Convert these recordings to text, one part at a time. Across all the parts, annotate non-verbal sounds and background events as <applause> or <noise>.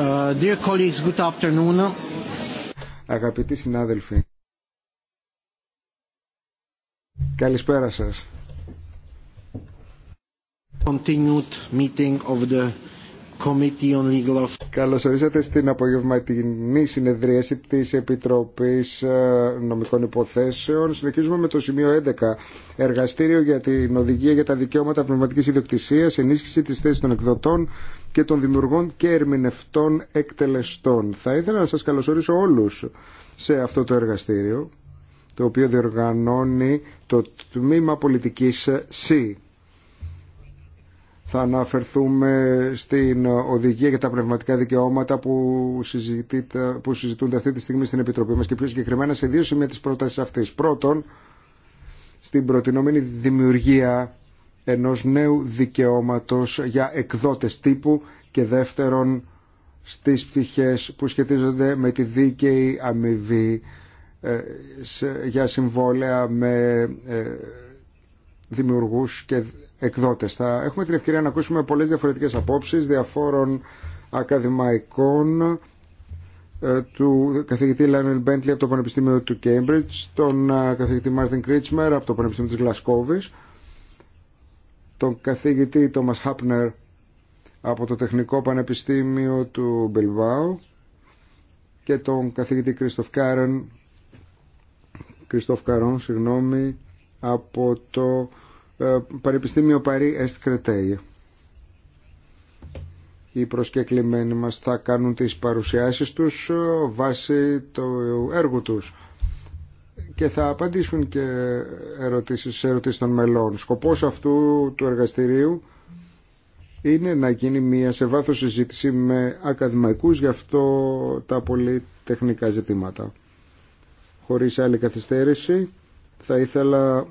Uh, dear colleagues, good afternoon. Αγαπητοί συνάδελφοι, καλησπέρα σας. Continued meeting of the Committee Καλώς ορίσατε στην απογευματινή συνεδρίαση της Επιτροπής ε, Νομικών Υποθέσεων. Συνεχίζουμε με το σημείο 11. Εργαστήριο για την Οδηγία για τα Δικαιώματα Πνευματικής Ιδιοκτησίας, ενίσχυση της θέσης των εκδοτών και των δημιουργών και ερμηνευτών εκτελεστών. Θα ήθελα να σας καλωσορίσω όλους σε αυτό το εργαστήριο, το οποίο διοργανώνει το Τμήμα Πολιτικής ΣΥ θα αναφερθούμε στην οδηγία για τα πνευματικά δικαιώματα που, που συζητούνται αυτή τη στιγμή στην Επιτροπή μας και πιο συγκεκριμένα σε δύο σημεία της πρότασης αυτής. Πρώτον, στην προτινόμενη δημιουργία ενός νέου δικαιώματος για εκδότες τύπου και δεύτερον στις πτυχές που σχετίζονται με τη δίκαιη αμοιβή ε, για συμβόλαια με ε, δημιουργούς και εκδότες. Θα έχουμε την ευκαιρία να ακούσουμε πολλές διαφορετικές απόψεις διαφόρων ακαδημαϊκών ε, του καθηγητή Λάνελ Μπέντλι από το Πανεπιστήμιο του Κέμπριτζ, τον ε, καθηγητή Μάρτιν Κρίτσμερ από το Πανεπιστήμιο της Γλασκόβης, τον καθηγητή Τόμας Χάπνερ από το Τεχνικό Πανεπιστήμιο του Μπελβάου και τον καθηγητή Κρίστοφ Κάρεν, Καρόν, συγγνώμη, από το Παρεπιστήμιο Παρί Εστ Οι προσκεκλημένοι μας θα κάνουν τις παρουσιάσεις τους ε, βάσει του έργου τους και θα απαντήσουν και ερωτήσεις, σε ερωτήσεις των μελών. Σκοπός αυτού του εργαστηρίου είναι να γίνει μια σε βάθος συζήτηση με ακαδημαϊκούς γι' αυτό τα πολύ τεχνικά ζητήματα. Χωρίς άλλη καθυστέρηση θα ήθελα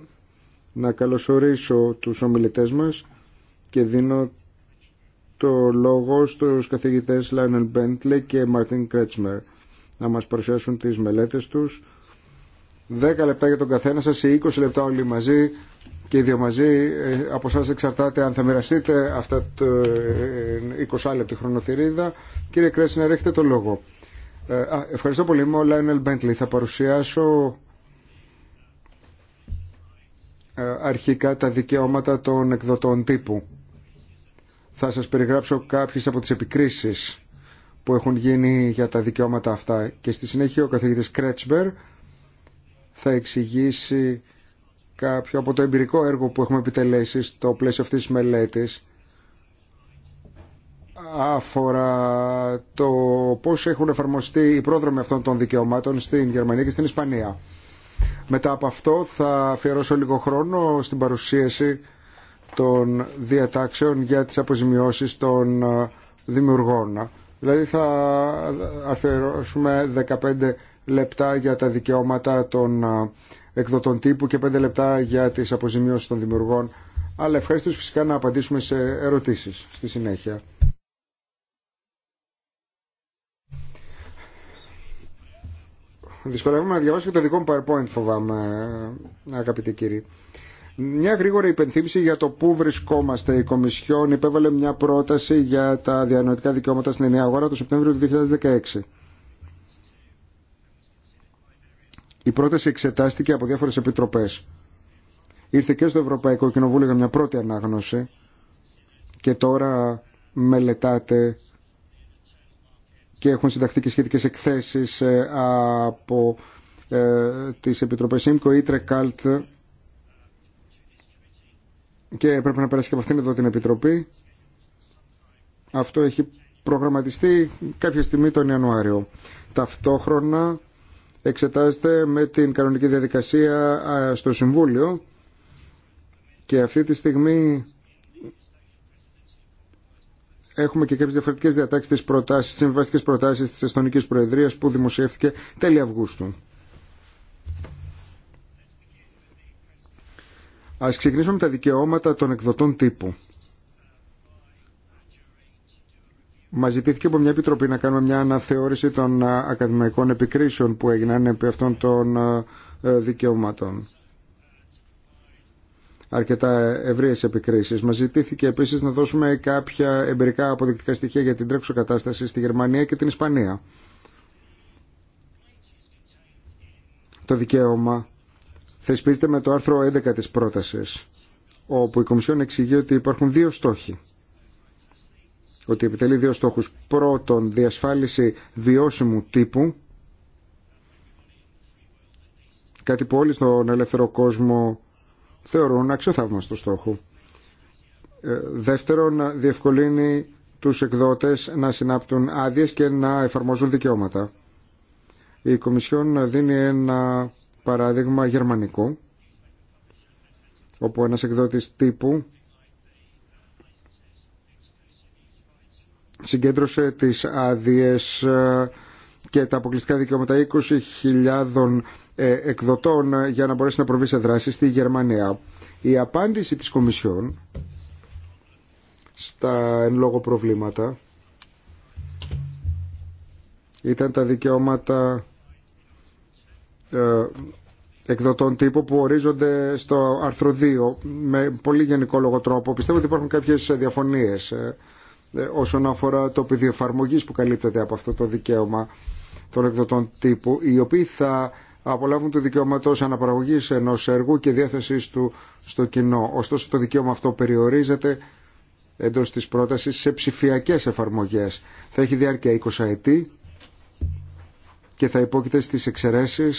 να καλωσορίσω τους ομιλητές μας και δίνω το λόγο στους καθηγητές Λάινελ Μπέντλε και Μαρτίν Κρέτσμερ να μας παρουσιάσουν τις μελέτες τους. Δέκα λεπτά για τον καθένα σας ή 20 λεπτά όλοι μαζί και οι δύο μαζί. Ε, από εσάς εξαρτάται αν θα μοιραστείτε αυτά τα 20 ε, λεπτή χρονοθυρίδα. Κύριε Κρέτσμερ, έχετε το λόγο. Ε, ευχαριστώ πολύ. Είμαι ο Λάινελ Μπέντλε. Θα παρουσιάσω ε, αρχικά τα δικαιώματα των εκδοτών τύπου. Θα σας περιγράψω κάποιες από τις επικρίσεις που έχουν γίνει για τα δικαιώματα αυτά και στη συνέχεια ο καθηγητής Κρέτσμπερ θα εξηγήσει κάποιο από το εμπειρικό έργο που έχουμε επιτελέσει στο πλαίσιο αυτής της μελέτης αφορά το πώς έχουν εφαρμοστεί οι πρόδρομοι αυτών των δικαιωμάτων στην Γερμανία και στην Ισπανία. Μετά από αυτό θα αφιερώσω λίγο χρόνο στην παρουσίαση των διατάξεων για τις αποζημιώσεις των ε, δημιουργών. Δηλαδή θα αφιερώσουμε 15 λεπτά για τα δικαιώματα των ε, εκδοτών τύπου και 5 λεπτά για τις αποζημιώσεις των δημιουργών. Αλλά ευχαριστώ φυσικά να απαντήσουμε σε ερωτήσεις στη συνέχεια. Δυσκολεύομαι να διαβάσω και το δικό μου PowerPoint φοβάμαι, αγαπητοί κύριοι. Μια γρήγορη υπενθύμηση για το πού βρισκόμαστε. Η Κομισιόν υπέβαλε μια πρόταση για τα διανοητικά δικαιώματα στην ενιαία αγορά το Σεπτέμβριο του 2016. Η πρόταση εξετάστηκε από διάφορε επιτροπέ. Ήρθε και στο Ευρωπαϊκό Κοινοβούλιο για μια πρώτη ανάγνωση και τώρα μελετάτε και έχουν συνταχθεί και σχετικές εκθέσεις ε, από ε, τις Επιτροπές ΕΜΚΟ ή και πρέπει να περάσει και από αυτήν εδώ την Επιτροπή. Αυτό έχει προγραμματιστεί κάποια στιγμή τον Ιανουάριο. Ταυτόχρονα εξετάζεται με την κανονική διαδικασία ε, στο Συμβούλιο και αυτή τη στιγμή έχουμε και κάποιε διαφορετικέ διατάξει τη προτάσει, τι συμβαστικέ προτάσει τη Εστονική Προεδρία που δημοσιεύθηκε τέλη Αυγούστου. Ας ξεκινήσουμε με τα δικαιώματα των εκδοτών τύπου. Μα ζητήθηκε από μια επιτροπή να κάνουμε μια αναθεώρηση των ακαδημαϊκών επικρίσεων που έγιναν επί αυτών των δικαιωμάτων αρκετά ευρύε επικρίσει. Μα ζητήθηκε επίση να δώσουμε κάποια εμπειρικά αποδεικτικά στοιχεία για την τρέχουσα κατάσταση στη Γερμανία και την Ισπανία. Το δικαίωμα θεσπίζεται με το άρθρο 11 της πρότασης, όπου η Κομισιόν εξηγεί ότι υπάρχουν δύο στόχοι. Ότι επιτελεί δύο στόχους. Πρώτον, διασφάλιση βιώσιμου τύπου, κάτι που όλοι στον ελεύθερο κόσμο θεωρούν αξιοθαύμαστο στόχο. Ε, δεύτερον, διευκολύνει τους εκδότες να συνάπτουν άδειες και να εφαρμόζουν δικαιώματα. Η Κομισιόν δίνει ένα παράδειγμα γερμανικό, όπου ένας εκδότης τύπου συγκέντρωσε τις άδειες ε, και τα αποκλειστικά δικαιώματα 20.000 ε, εκδοτών ε, για να μπορέσει να προβεί σε δράση στη Γερμανία. Η απάντηση της Κομισιόν στα εν λόγω προβλήματα ήταν τα δικαιώματα ε, εκδοτών τύπου που ορίζονται στο άρθρο 2 με πολύ γενικό λόγο τρόπο. Πιστεύω ότι υπάρχουν κάποιες διαφωνίες όσον αφορά το πεδίο εφαρμογή που καλύπτεται από αυτό το δικαίωμα των εκδοτών τύπου, οι οποίοι θα απολαύουν του δικαιώματο αναπαραγωγή ενό έργου και διάθεση του στο κοινό. Ωστόσο, το δικαίωμα αυτό περιορίζεται εντό τη πρόταση σε ψηφιακέ εφαρμογέ. Θα έχει διάρκεια 20 ετή και θα υπόκειται στι εξαιρέσει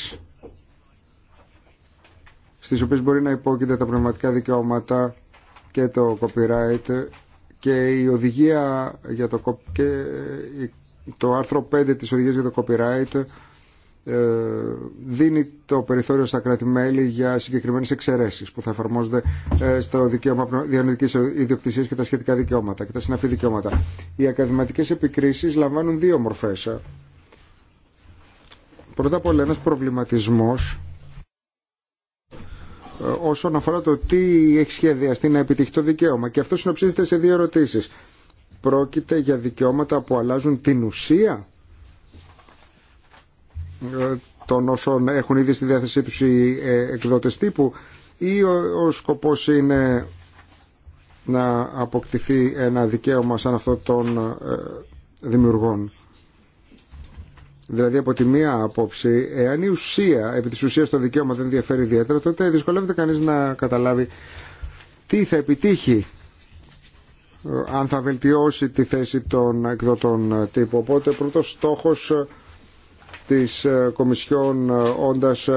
στις οποίες μπορεί να υπόκειται τα πνευματικά δικαιώματα και το copyright και η οδηγία για το, και το άρθρο 5 της οδηγίας για το copyright ε, δίνει το περιθώριο στα κράτη-μέλη για συγκεκριμένε εξαιρέσει που θα εφαρμόζονται ε, στο δικαίωμα διανοητική ιδιοκτησία και τα σχετικά δικαιώματα και τα συναφή δικαιώματα. Οι ακαδηματικές επικρίσει λαμβάνουν δύο μορφέ. Πρώτα απ' όλα, ένα προβληματισμό ε, όσον αφορά το τι έχει σχεδιαστεί να επιτύχει το δικαίωμα. Και αυτό συνοψίζεται σε δύο ερωτήσει. Πρόκειται για δικαιώματα που αλλάζουν την ουσία των όσων έχουν ήδη στη διάθεσή τους οι ε, εκδότες τύπου ή ο σκοπός είναι να αποκτηθεί ένα δικαίωμα σαν αυτό των ε, δημιουργών. Δηλαδή από τη μία απόψη, εάν η ουσία, επί της ουσίας το δικαίωμα δεν διαφέρει ιδιαίτερα, τότε δυσκολεύεται κανείς να καταλάβει τι θα επιτύχει ε, αν θα βελτιώσει τη θέση των εκδοτών τύπου. Οπότε πρώτος στόχος της ε, Κομισιόν ε, όντας ε,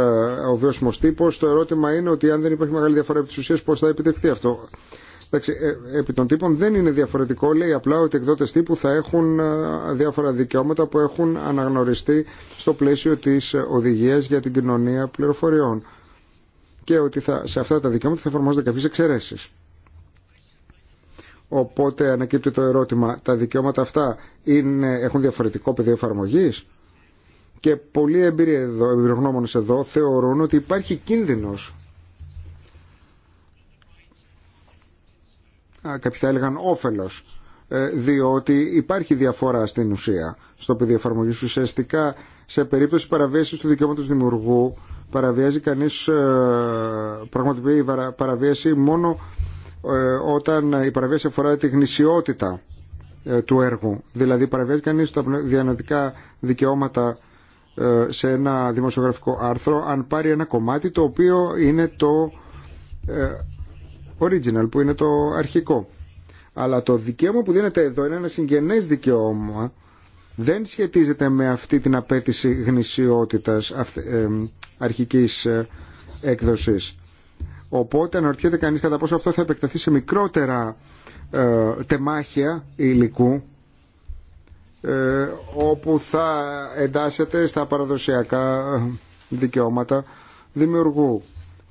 ο βιώσιμος τύπος. Το ερώτημα είναι ότι αν δεν υπάρχει μεγάλη διαφορά επί της ουσίας πώς θα επιτευχθεί αυτό. Εντάξει, επί των τύπων δεν είναι διαφορετικό. Λέει απλά ότι οι εκδότε τύπου θα έχουν διάφορα δικαιώματα που έχουν αναγνωριστεί στο πλαίσιο τη οδηγία για την κοινωνία πληροφοριών. Και ότι θα, σε αυτά τα δικαιώματα θα εφαρμόζονται κάποιε εξαιρέσει. Οπότε ανακύπτει το ερώτημα, τα δικαιώματα αυτά είναι, έχουν διαφορετικό πεδίο εφαρμογή και πολλοί εμπειροί εδώ, εμπειρογνώμονες εδώ θεωρούν ότι υπάρχει κίνδυνος κάποιοι θα έλεγαν όφελος ε, διότι υπάρχει διαφορά στην ουσία στο πεδίο εφαρμογή. Ουσιαστικά, σε περίπτωση παραβίασης του δικαιώματος δημιουργού, παραβιάζει ε, πραγματικά, η παραβίαση μόνο ε, όταν η παραβίαση αφορά τη γνησιότητα του έργου. Δηλαδή, παραβιάζει κανεί τα διανοητικά δικαιώματα ε, σε ένα δημοσιογραφικό άρθρο αν πάρει ένα κομμάτι το οποίο είναι το ε, original, που είναι το αρχικό. Αλλά το δικαίωμα που δίνεται εδώ είναι ένα συγγενές δικαίωμα. Δεν σχετίζεται με αυτή την απέτηση γνησιότητας ε, αρχικής έκδοσης. Οπότε αναρωτιέται κανείς κατά πόσο αυτό θα επεκταθεί σε μικρότερα τεμάχια υλικού ε, όπου θα εντάσσεται στα παραδοσιακά δικαιώματα δημιουργού.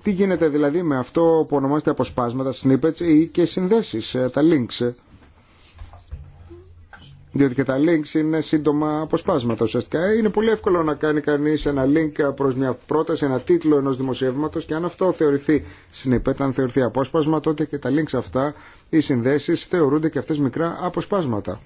Τι γίνεται δηλαδή με αυτό που ονομάζεται αποσπάσματα, snippets ή και συνδέσεις, ε, τα links. Διότι και τα links είναι σύντομα αποσπάσματα ουσιαστικά. Είναι πολύ εύκολο να κάνει κανείς ένα link προς μια πρόταση, ένα τίτλο ενός δημοσιεύματος και αν αυτό θεωρηθεί snippet, αν θεωρηθεί απόσπασμα, τότε και τα links αυτά, οι συνδέσεις θεωρούνται και αυτές μικρά αποσπάσματα.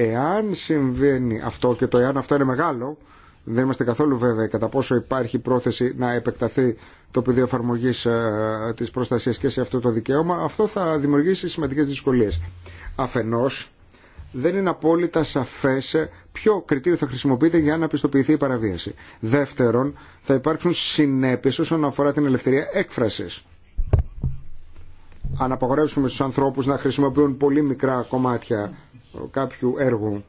Εάν συμβαίνει αυτό και το εάν αυτό είναι μεγάλο, δεν είμαστε καθόλου βέβαιοι κατά πόσο υπάρχει πρόθεση να επεκταθεί το πεδίο εφαρμογή ε, τη προστασία και σε αυτό το δικαίωμα, αυτό θα δημιουργήσει σημαντικέ δυσκολίε. Αφενό, δεν είναι απόλυτα σαφέ ποιο κριτήριο θα χρησιμοποιείται για να πιστοποιηθεί η παραβίαση. Δεύτερον, θα υπάρξουν συνέπειε όσον αφορά την ελευθερία έκφραση. Αν απαγορεύσουμε στου ανθρώπου να χρησιμοποιούν πολύ μικρά κομμάτια κάποιου έργου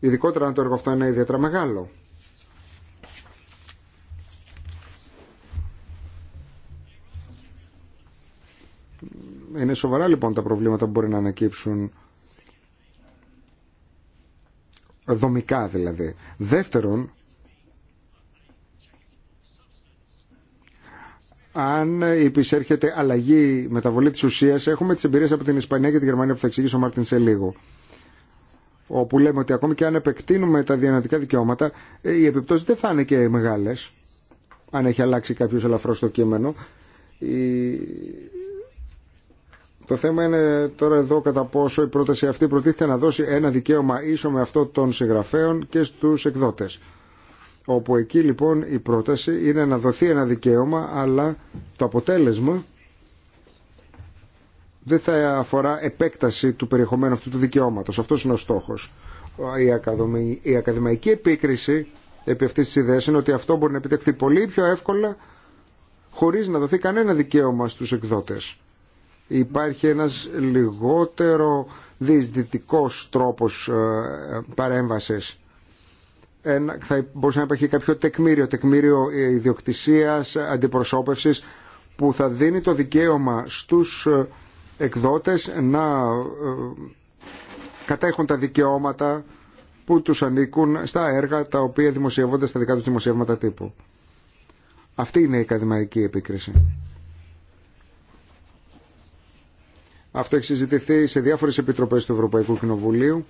ειδικότερα αν το έργο αυτό είναι ιδιαίτερα μεγάλο Είναι σοβαρά λοιπόν τα προβλήματα που μπορεί να ανακύψουν δομικά δηλαδή. Δεύτερον, αν υπησέρχεται αλλαγή, μεταβολή τη ουσία, έχουμε τι εμπειρίε από την Ισπανία και τη Γερμανία που θα εξηγήσω ο Μάρτιν σε λίγο. Όπου λέμε ότι ακόμη και αν επεκτείνουμε τα διανατικά δικαιώματα, οι επιπτώσει δεν θα είναι και μεγάλε, αν έχει αλλάξει κάποιο ελαφρώ το κείμενο. Το θέμα είναι τώρα εδώ κατά πόσο η πρόταση αυτή προτίθεται να δώσει ένα δικαίωμα ίσο με αυτό των συγγραφέων και στους εκδότες όπου εκεί λοιπόν η πρόταση είναι να δοθεί ένα δικαίωμα αλλά το αποτέλεσμα δεν θα αφορά επέκταση του περιεχομένου αυτού του δικαιώματος. Αυτός είναι ο στόχος. Η ακαδημαϊκή επίκριση επί αυτής της ιδέας είναι ότι αυτό μπορεί να επιτευχθεί πολύ πιο εύκολα χωρίς να δοθεί κανένα δικαίωμα στους εκδότες. Υπάρχει ένας λιγότερο διεισδυτικός τρόπος ε, παρέμβασης θα μπορούσε να υπάρχει κάποιο τεκμήριο, τεκμήριο ε, ιδιοκτησίας, αντιπροσώπευσης που θα δίνει το δικαίωμα στους ε, εκδότες να ε, κατέχουν τα δικαιώματα που τους ανήκουν στα έργα τα οποία δημοσιεύονται στα δικά τους δημοσιεύματα τύπου. Αυτή είναι η ακαδημαϊκή επίκριση. Αυτό έχει συζητηθεί σε διάφορες επιτροπές του Ευρωπαϊκού Κοινοβουλίου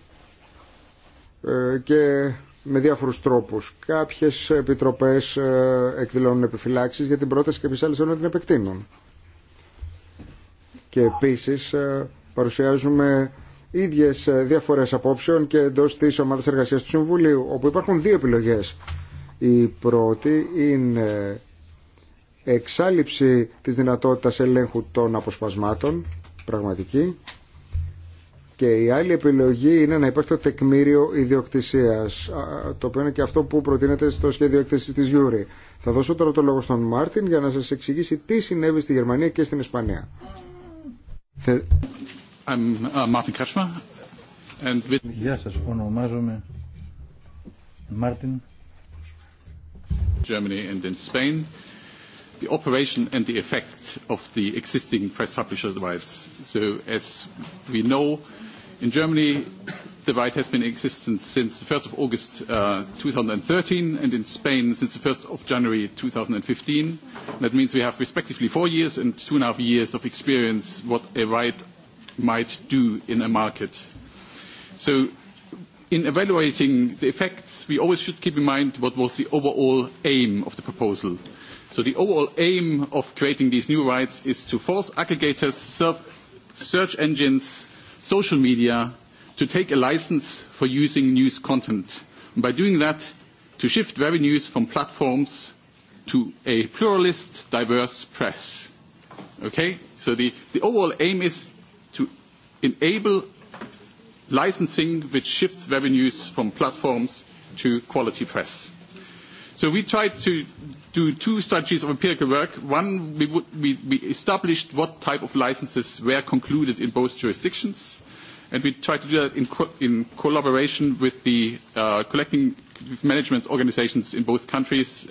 και με διάφορους τρόπους. Κάποιες επιτροπές ε, εκδηλώνουν επιφυλάξεις για την πρόταση και κάποιες άλλες θέλουν την επεκτείνουν. Και επίσης ε, παρουσιάζουμε ίδιες ε, διαφορέ απόψεων και εντός της ομάδας εργασίας του Συμβουλίου, όπου υπάρχουν δύο επιλογές. Η πρώτη είναι εξάλληψη της δυνατότητας ελέγχου των αποσπασμάτων, πραγματική, και η άλλη επιλογή είναι να υπάρχει το τεκμήριο ιδιοκτησία, το οποίο είναι και αυτό που προτείνεται στο σχέδιο έκθεση τη Γιούρη. Θα δώσω τώρα το λόγο στον Μάρτιν για να σα εξηγήσει τι συνέβη στη Γερμανία και στην Ισπανία. Uh, Γεια σας, ονομάζομαι Μάρτιν. Germany and in Spain. The operation and the effect of the existing press publisher In Germany, the right has been in existence since 1st of August 2013, and in Spain since 1st of January 2015. That means we have respectively four years and two and a half years of experience what a right might do in a market. So, in evaluating the effects, we always should keep in mind what was the overall aim of the proposal. So the overall aim of creating these new rights is to force aggregators, search engines social media, to take a license for using news content. And by doing that, to shift revenues from platforms to a pluralist, diverse press. Okay? So the, the overall aim is to enable licensing which shifts revenues from platforms to quality press. So we tried to do two strategies of empirical work. One, we established what type of licenses were concluded in both jurisdictions, and we tried to do that in collaboration with the collecting management organizations in both countries.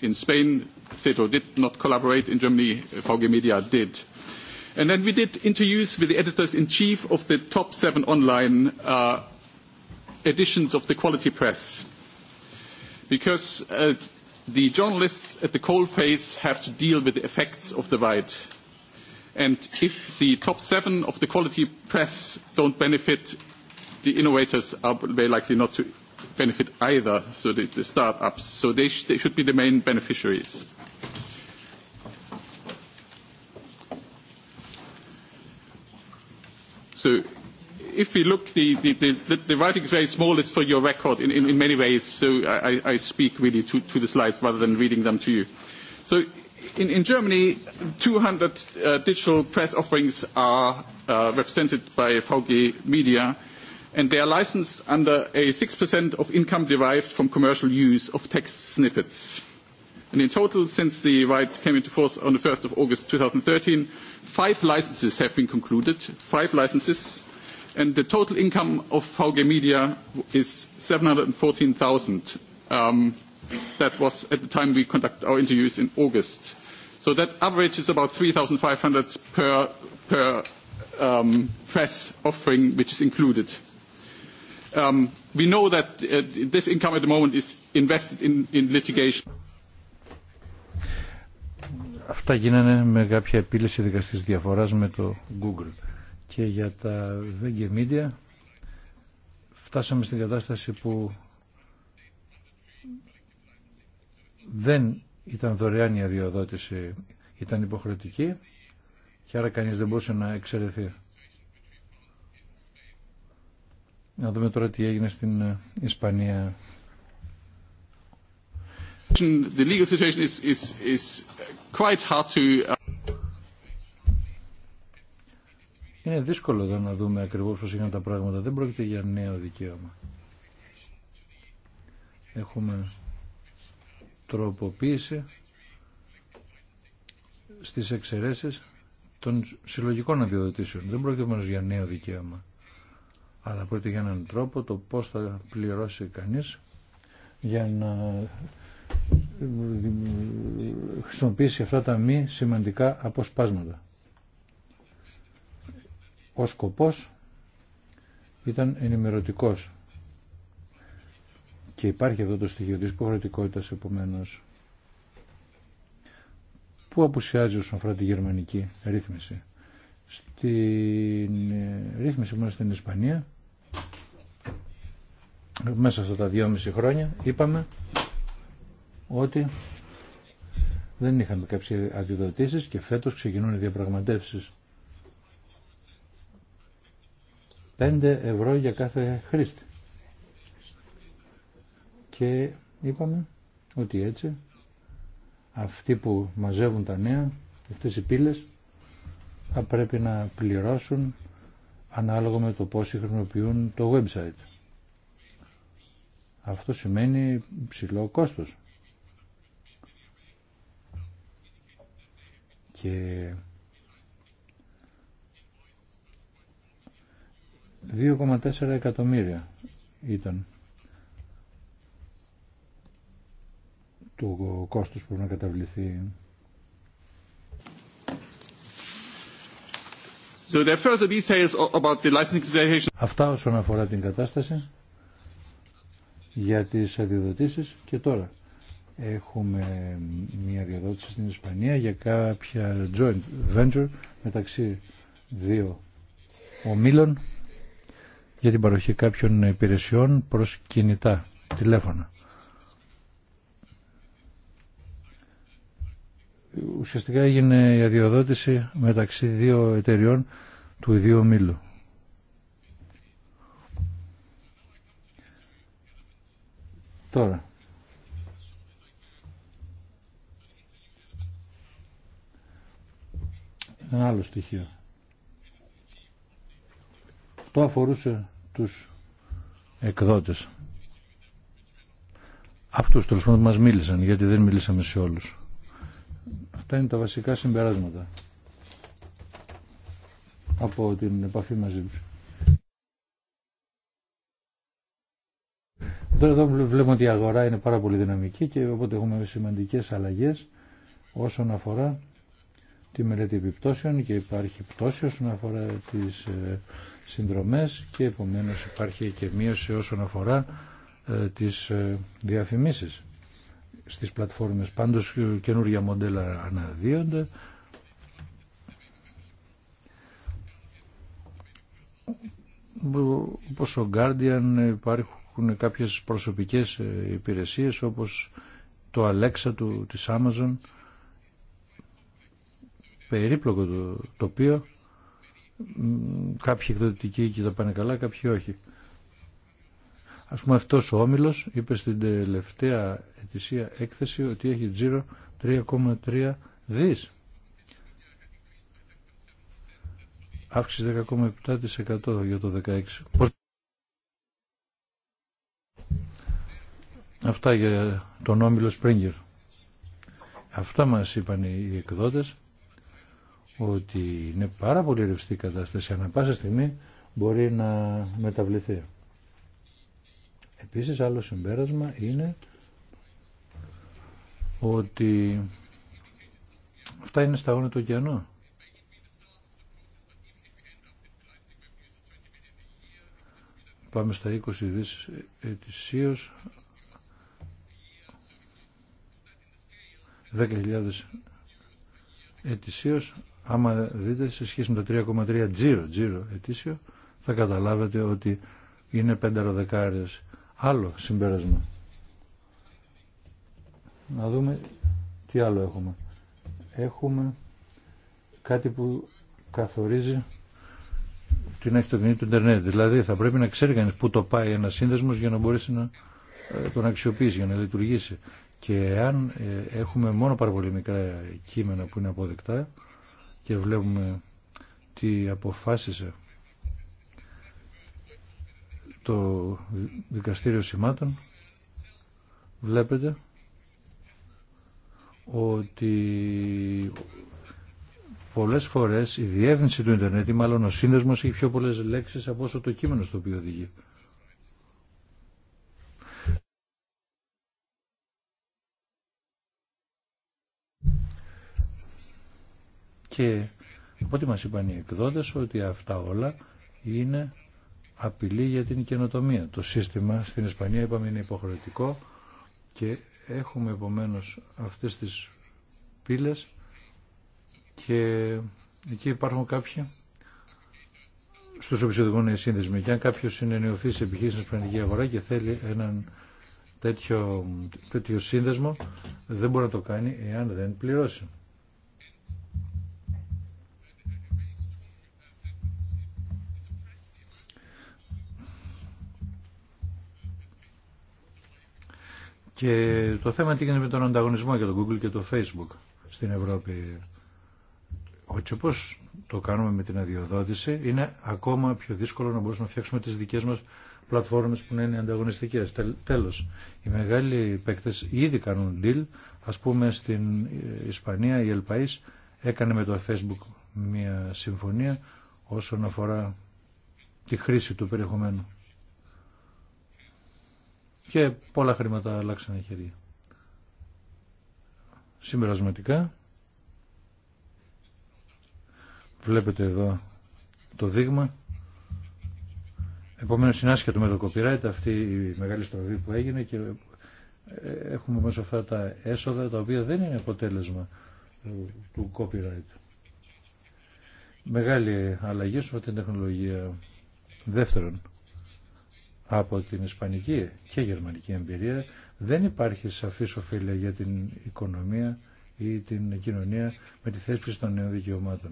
In Spain, CETO did not collaborate. In Germany, VG Media did. And then we did interviews with the editors-in-chief of the top seven online editions of the quality press. Because the journalists at the coal coalface have to deal with the effects of the right. And if the top seven of the quality press don't benefit, the innovators are very likely not to benefit either, so the, start-ups. So they, they should be the main beneficiaries. So if we look, the, the, writing is very small. It's for your record in, in, many ways. So I, I speak really to, the slides rather than reading them to you. So in, in Germany, 200 digital press offerings are represented by VG Media, and they are licensed under a 6% of income derived from commercial use of text snippets. And in total, since the right came into force on the 1st of August 2013, five licenses have been concluded. Five licenses and the total income of VG Media is 714,000. That was at the time we conduct our interviews in August. So that average is about 3,500 per press offering, which is included. We know that this income at the moment is invested in litigation. Αυτά γίνανε με κάποια επίλυση δικαστής διαφοράς με το Google και για τα VG Media φτάσαμε στην κατάσταση που δεν ήταν δωρεάν η αδειοδότηση, ήταν υποχρεωτική και άρα κανείς δεν μπορούσε να εξαιρεθεί. Να δούμε τώρα τι έγινε στην ε, Ισπανία. The situation is, is, uh, Είναι δύσκολο εδώ να δούμε ακριβώς πώς έγιναν τα πράγματα. Δεν πρόκειται για νέο δικαίωμα. Έχουμε τροποποίηση στις εξαιρέσεις των συλλογικών αδειοδοτήσεων. Δεν πρόκειται μόνο για νέο δικαίωμα. Αλλά πρόκειται για έναν τρόπο το πώς θα πληρώσει κανείς για να χρησιμοποιήσει αυτά τα μη σημαντικά αποσπάσματα ο σκοπός ήταν ενημερωτικός και υπάρχει εδώ το στοιχείο της υποχρεωτικότητας επομένως που απουσιάζει όσον αφορά τη γερμανική ρύθμιση στην ε, ρύθμιση μας στην Ισπανία μέσα στα τα δυόμιση χρόνια είπαμε ότι δεν είχαμε κάποιες αντιδοτήσεις και φέτος ξεκινούν οι διαπραγματεύσεις 5 ευρώ για κάθε χρήστη. Και είπαμε ότι έτσι αυτοί που μαζεύουν τα νέα, αυτές οι πύλες, θα πρέπει να πληρώσουν ανάλογα με το πόσοι χρησιμοποιούν το website. Αυτό σημαίνει ψηλό κόστος. Και 2,4 εκατομμύρια ήταν το κόστος που να καταβληθεί. So details about the licensing Αυτά όσον αφορά την κατάσταση για τις αδειοδοτήσεις και τώρα έχουμε μια αδειοδότηση στην Ισπανία για κάποια joint venture μεταξύ δύο ομίλων για την παροχή κάποιων υπηρεσιών προς κινητά τηλέφωνα. Ουσιαστικά έγινε η αδειοδότηση μεταξύ δύο εταιριών του ιδίου μήλου. Τώρα. Ένα άλλο στοιχείο. Το αφορούσε τους εκδότες. Αυτούς τους πάντων μας μίλησαν, γιατί δεν μιλήσαμε σε όλους. Αυτά είναι τα βασικά συμπεράσματα από την επαφή μαζί τους. Τώρα εδώ βλέπουμε ότι η αγορά είναι πάρα πολύ δυναμική και οπότε έχουμε σημαντικές αλλαγές όσον αφορά τη μελέτη επιπτώσεων και υπάρχει πτώση όσον αφορά τις ε, συνδρομές και επομένως υπάρχει και μείωση όσον αφορά ε, τις ε, διαφημίσεις στις πλατφόρμες. Πάντως ε, καινούργια μοντέλα αναδύονται. Όπως ο Guardian υπάρχουν κάποιες προσωπικές υπηρεσίες όπως το Alexa του, της Amazon περίπλοκο το τοπίο κάποιοι εκδοτικοί εκεί τα πάνε καλά, κάποιοι όχι. Ας πούμε αυτός ο όμιλο είπε στην τελευταία ετησία έκθεση ότι έχει τζίρο 3,3 δις. Αύξηση 10,7% για το 16. Αυτά για τον Όμιλο Σπρίγκερ. Αυτά μας είπαν οι εκδότες ότι είναι πάρα πολύ ρευστή η κατάσταση. Ανά πάσα στιγμή μπορεί να μεταβληθεί. Επίσης άλλο συμπέρασμα είναι ότι αυτά είναι στα όνειρα του ωκεανού. Πάμε στα 20 δις ετησίως, 10.000 ετησίως, άμα δείτε σε σχέση με το 3,3 τζίρο, τζίρο ετήσιο, θα καταλάβετε ότι είναι δεκάρες Άλλο συμπέρασμα. Να δούμε τι άλλο έχουμε. Έχουμε κάτι που καθορίζει την εκτοκινή του Ιντερνετ. Δηλαδή θα πρέπει να ξέρει κανείς πού το πάει ένα σύνδεσμος για να μπορέσει να ε, τον αξιοποιήσει, για να λειτουργήσει. Και αν ε, έχουμε μόνο πάρα πολύ μικρά κείμενα που είναι αποδεκτά, και βλέπουμε τι αποφάσισε το Δικαστήριο Σημάτων βλέπετε ότι πολλές φορές η διεύθυνση του Ιντερνετ ή μάλλον ο σύνδεσμος έχει πιο πολλές λέξεις από όσο το κείμενο στο οποίο οδηγεί. Και από ό,τι μας είπαν οι εκδότες ότι αυτά όλα είναι απειλή για την καινοτομία. Το σύστημα στην Ισπανία είπαμε είναι υποχρεωτικό και έχουμε επομένω αυτές τις πύλες και εκεί υπάρχουν κάποιοι στου οποίους οδηγούν οι σύνδεσμοι. Και αν κάποιο είναι νεοφύης επιχείρηση στην Ισπανική αγορά και θέλει έναν τέτοιο, τέτοιο σύνδεσμο δεν μπορεί να το κάνει εάν δεν πληρώσει. Και το θέμα τι γίνεται με τον ανταγωνισμό για το Google και το Facebook στην Ευρώπη. Όχι πώς το κάνουμε με την αδειοδότηση, είναι ακόμα πιο δύσκολο να μπορούμε να φτιάξουμε τις δικές μας πλατφόρμες που να είναι ανταγωνιστικές. Τέλος, οι μεγάλοι παίκτες ήδη κάνουν deal. Ας πούμε στην Ισπανία η Ελπαΐς έκανε με το Facebook μια συμφωνία όσον αφορά τη χρήση του περιεχομένου και πολλά χρήματα αλλάξανε χέρια. Συμπερασματικά βλέπετε εδώ το δείγμα Επομένως είναι άσχετο με το copyright αυτή η μεγάλη στραβή που έγινε και ε, έχουμε μέσα αυτά τα έσοδα τα οποία δεν είναι αποτέλεσμα ε, του copyright. Μεγάλη αλλαγή σε αυτή την τεχνολογία. Δεύτερον, από την ισπανική και γερμανική εμπειρία δεν υπάρχει σαφής ωφέλεια για την οικονομία ή την κοινωνία με τη θέσπιση των νέων δικαιωμάτων.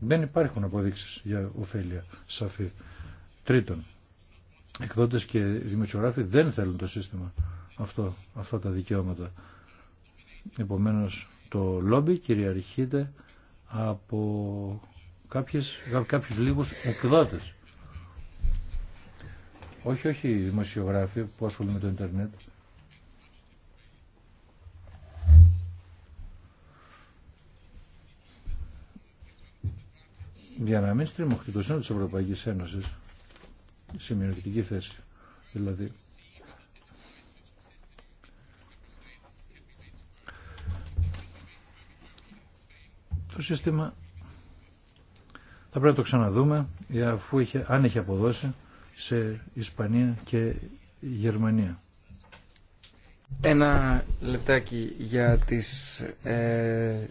Δεν υπάρχουν αποδείξεις για ωφέλεια σαφή. Τρίτον, εκδότες και δημοσιογράφοι δεν θέλουν το σύστημα αυτό, αυτά τα δικαιώματα. Επομένως, το λόμπι κυριαρχείται από κάποιες, κάποιους λίγους εκδότες. Όχι, όχι οι δημοσιογράφοι που ασχολούνται με το ίντερνετ. Για να μην στριμωχτεί το σύνολο της Ευρωπαϊκής Ένωσης σε μειονεκτική θέση. Δηλαδή, το σύστημα θα πρέπει να το ξαναδούμε αφού είχε, αν έχει αποδώσει σε Ισπανία και Γερμανία. Ένα λεπτάκι για τις ε,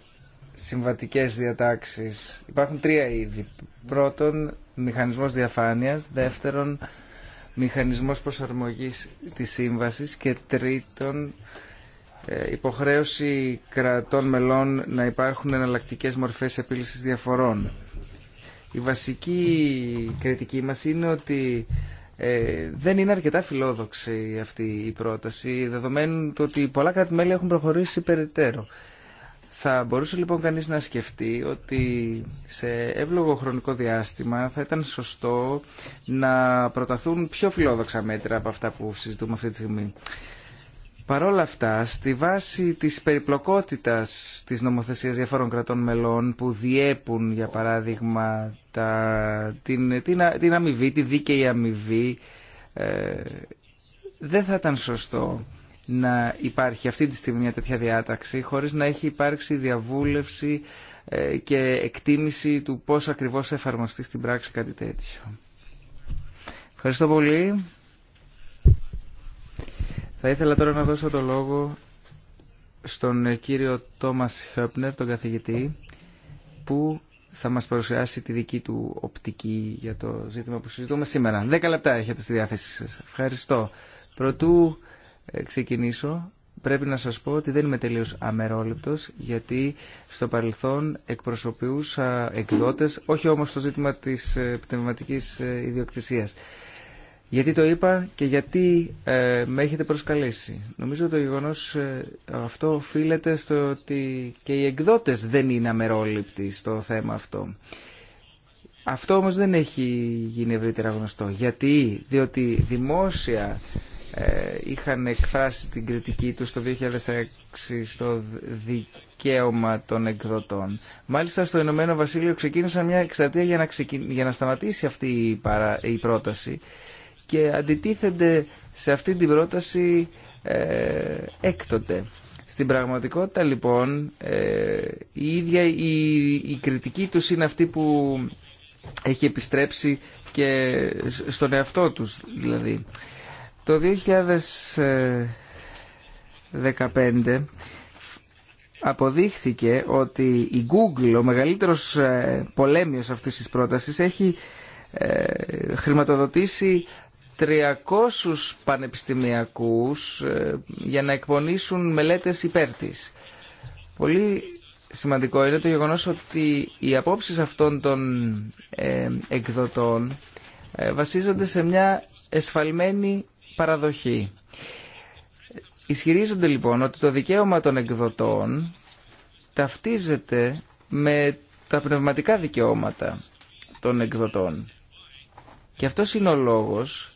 συμβατικές διατάξεις. Υπάρχουν τρία είδη. Πρώτον, μηχανισμός διαφάνειας. Δεύτερον, μηχανισμός προσαρμογής της σύμβασης. Και τρίτον, ε, υποχρέωση κρατών μελών να υπάρχουν εναλλακτικές μορφές επίλυσης διαφορών. Η βασική κριτική μας είναι ότι ε, δεν είναι αρκετά φιλόδοξη αυτή η πρόταση, δεδομένου ότι πολλά έχουν προχωρήσει περαιτέρω. Θα μπορούσε λοιπόν κανείς να σκεφτεί ότι σε εύλογο χρονικό διάστημα θα ήταν σωστό να προταθούν πιο φιλόδοξα μέτρα από αυτά που συζητούμε αυτή τη στιγμή όλα αυτά, στη βάση της περιπλοκότητας της νομοθεσίας διαφόρων κρατών μελών που διέπουν, για παράδειγμα, την, την, την αμοιβή, τη δίκαιη αμοιβή, ε, δεν θα ήταν σωστό να υπάρχει αυτή τη στιγμή μια τέτοια διάταξη χωρίς να έχει υπάρξει διαβούλευση ε, και εκτίμηση του πώς ακριβώς θα εφαρμοστεί στην πράξη κάτι τέτοιο. Ευχαριστώ πολύ. Θα ήθελα τώρα να δώσω το λόγο στον κύριο Τόμας Χέπνερ, τον καθηγητή, που θα μας παρουσιάσει τη δική του οπτική για το ζήτημα που συζητούμε σήμερα. Δέκα λεπτά έχετε στη διάθεσή σας. Ευχαριστώ. Πρωτού ε, ξεκινήσω, πρέπει να σας πω ότι δεν είμαι τελείως αμερόληπτος, γιατί στο παρελθόν εκπροσωπούσα εκδότες, όχι όμως το ζήτημα της ε, πνευματικής ε, ιδιοκτησίας. Γιατί το είπα και γιατί ε, με έχετε προσκαλέσει. Νομίζω το γεγονός ε, αυτό οφείλεται στο ότι και οι εκδότες δεν είναι αμερόληπτοι στο θέμα αυτό. Αυτό όμως δεν έχει γίνει ευρύτερα γνωστό. Γιατί, διότι δημόσια ε, είχαν εκφράσει την κριτική του το 2006 στο δικαίωμα των εκδοτών. Μάλιστα στο Ηνωμένο Βασίλειο ξεκίνησαν μια εξαρτία για να, για να σταματήσει αυτή παρα... η πρόταση και αντιτίθενται σε αυτή την πρόταση ε, έκτοτε. Στην πραγματικότητα λοιπόν ε, η ίδια η, η κριτική τους είναι αυτή που έχει επιστρέψει και στον εαυτό τους δηλαδή. Το 2015 αποδείχθηκε ότι η Google, ο μεγαλύτερος ε, πολέμιος αυτής της πρότασης, έχει ε, χρηματοδοτήσει 300 πανεπιστημιακούς ε, για να εκπονήσουν μελέτες υπέρ της. Πολύ σημαντικό είναι το γεγονός ότι οι απόψεις αυτών των ε, εκδοτών ε, βασίζονται σε μια εσφαλμένη παραδοχή. Ισχυρίζονται λοιπόν ότι το δικαίωμα των εκδοτών ταυτίζεται με τα πνευματικά δικαιώματα των εκδοτών. Και αυτός είναι ο λόγος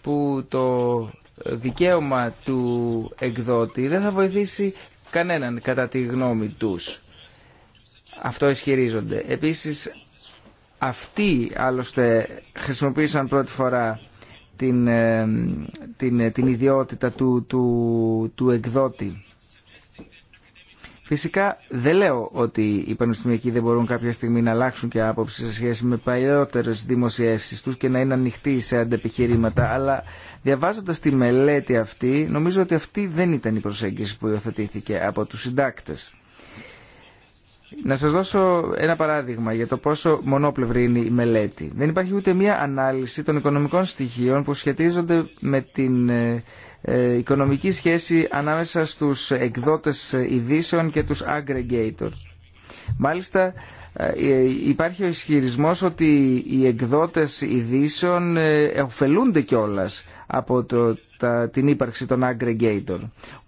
που το δικαίωμα του εκδότη δεν θα βοηθήσει κανέναν κατά τη γνώμη τους. Αυτό ισχυρίζονται. Επίσης, αυτοί άλλωστε χρησιμοποίησαν πρώτη φορά την, ε, την, ε, την ιδιότητα του, του, του εκδότη Φυσικά δεν λέω ότι οι πανεπιστημιακοί δεν μπορούν κάποια στιγμή να αλλάξουν και άποψη σε σχέση με παλιότερε δημοσιεύσει του και να είναι ανοιχτοί σε αντεπιχειρήματα, αλλά διαβάζοντα τη μελέτη αυτή, νομίζω ότι αυτή δεν ήταν η προσέγγιση που υιοθετήθηκε από του συντάκτε. Να σας δώσω ένα παράδειγμα για το πόσο μονόπλευρη είναι η μελέτη. Δεν υπάρχει ούτε μία ανάλυση των οικονομικών στοιχείων που σχετίζονται με την ε, ε, οικονομική σχέση ανάμεσα στους εκδότες ειδήσεων και τους aggregators. Μάλιστα ε, υπάρχει ο ισχυρισμός ότι οι εκδότες ειδήσεων ε, ωφελούνται κιόλα από το, την ύπαρξη των aggregator.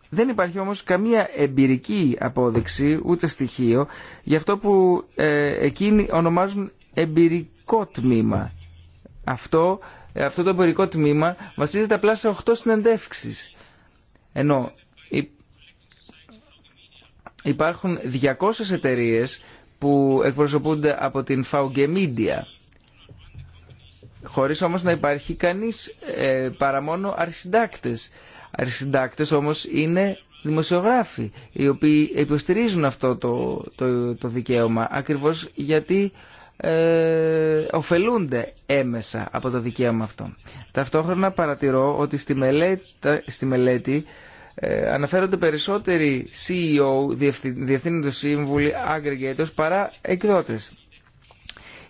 Δεν υπάρχει όμως καμία εμπειρική απόδειξη ούτε στοιχείο για αυτό που ε, εκείνοι ονομάζουν εμπειρικό τμήμα. Αυτό ε, αυτό το εμπορικό τμήμα βασίζεται απλά σε 8 συνεντεύξεις. Ενώ υπάρχουν 200 εταιρείε που εκπροσωπούνται από την VG Media. Χωρίς όμως να υπάρχει κανείς ε, παρά μόνο αρχισυντάκτες. Αρχισυντάκτες όμως είναι δημοσιογράφοι οι οποίοι υποστηρίζουν αυτό το, το, το δικαίωμα ακριβώς γιατί ε, ωφελούνται έμεσα από το δικαίωμα αυτό. Ταυτόχρονα παρατηρώ ότι στη μελέτη, στη μελέτη ε, αναφέρονται περισσότεροι CEO, διευθύνοντες σύμβουλοι, aggregators παρά εκδότες.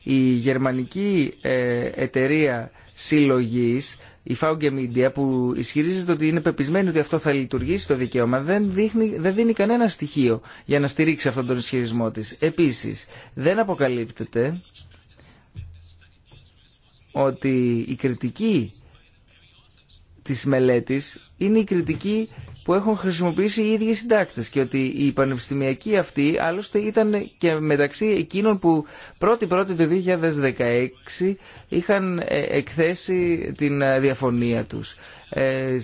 Η γερμανική ε, εταιρεία συλλογής η Φάουγκε Μίντια που ισχυρίζεται ότι είναι πεπισμένη ότι αυτό θα λειτουργήσει το δικαίωμα δεν, δείχνει, δεν δίνει κανένα στοιχείο για να στηρίξει αυτόν τον ισχυρισμό της. Επίσης δεν αποκαλύπτεται ότι η κριτική της μελέτης είναι η κριτική που έχουν χρησιμοποιήσει οι ίδιοι συντάκτες και ότι η πανεπιστημιακή αυτή άλλωστε ήταν και μεταξύ εκείνων που πρώτη-πρώτη του 2016 είχαν ε, εκθέσει την ε, διαφωνία τους ε,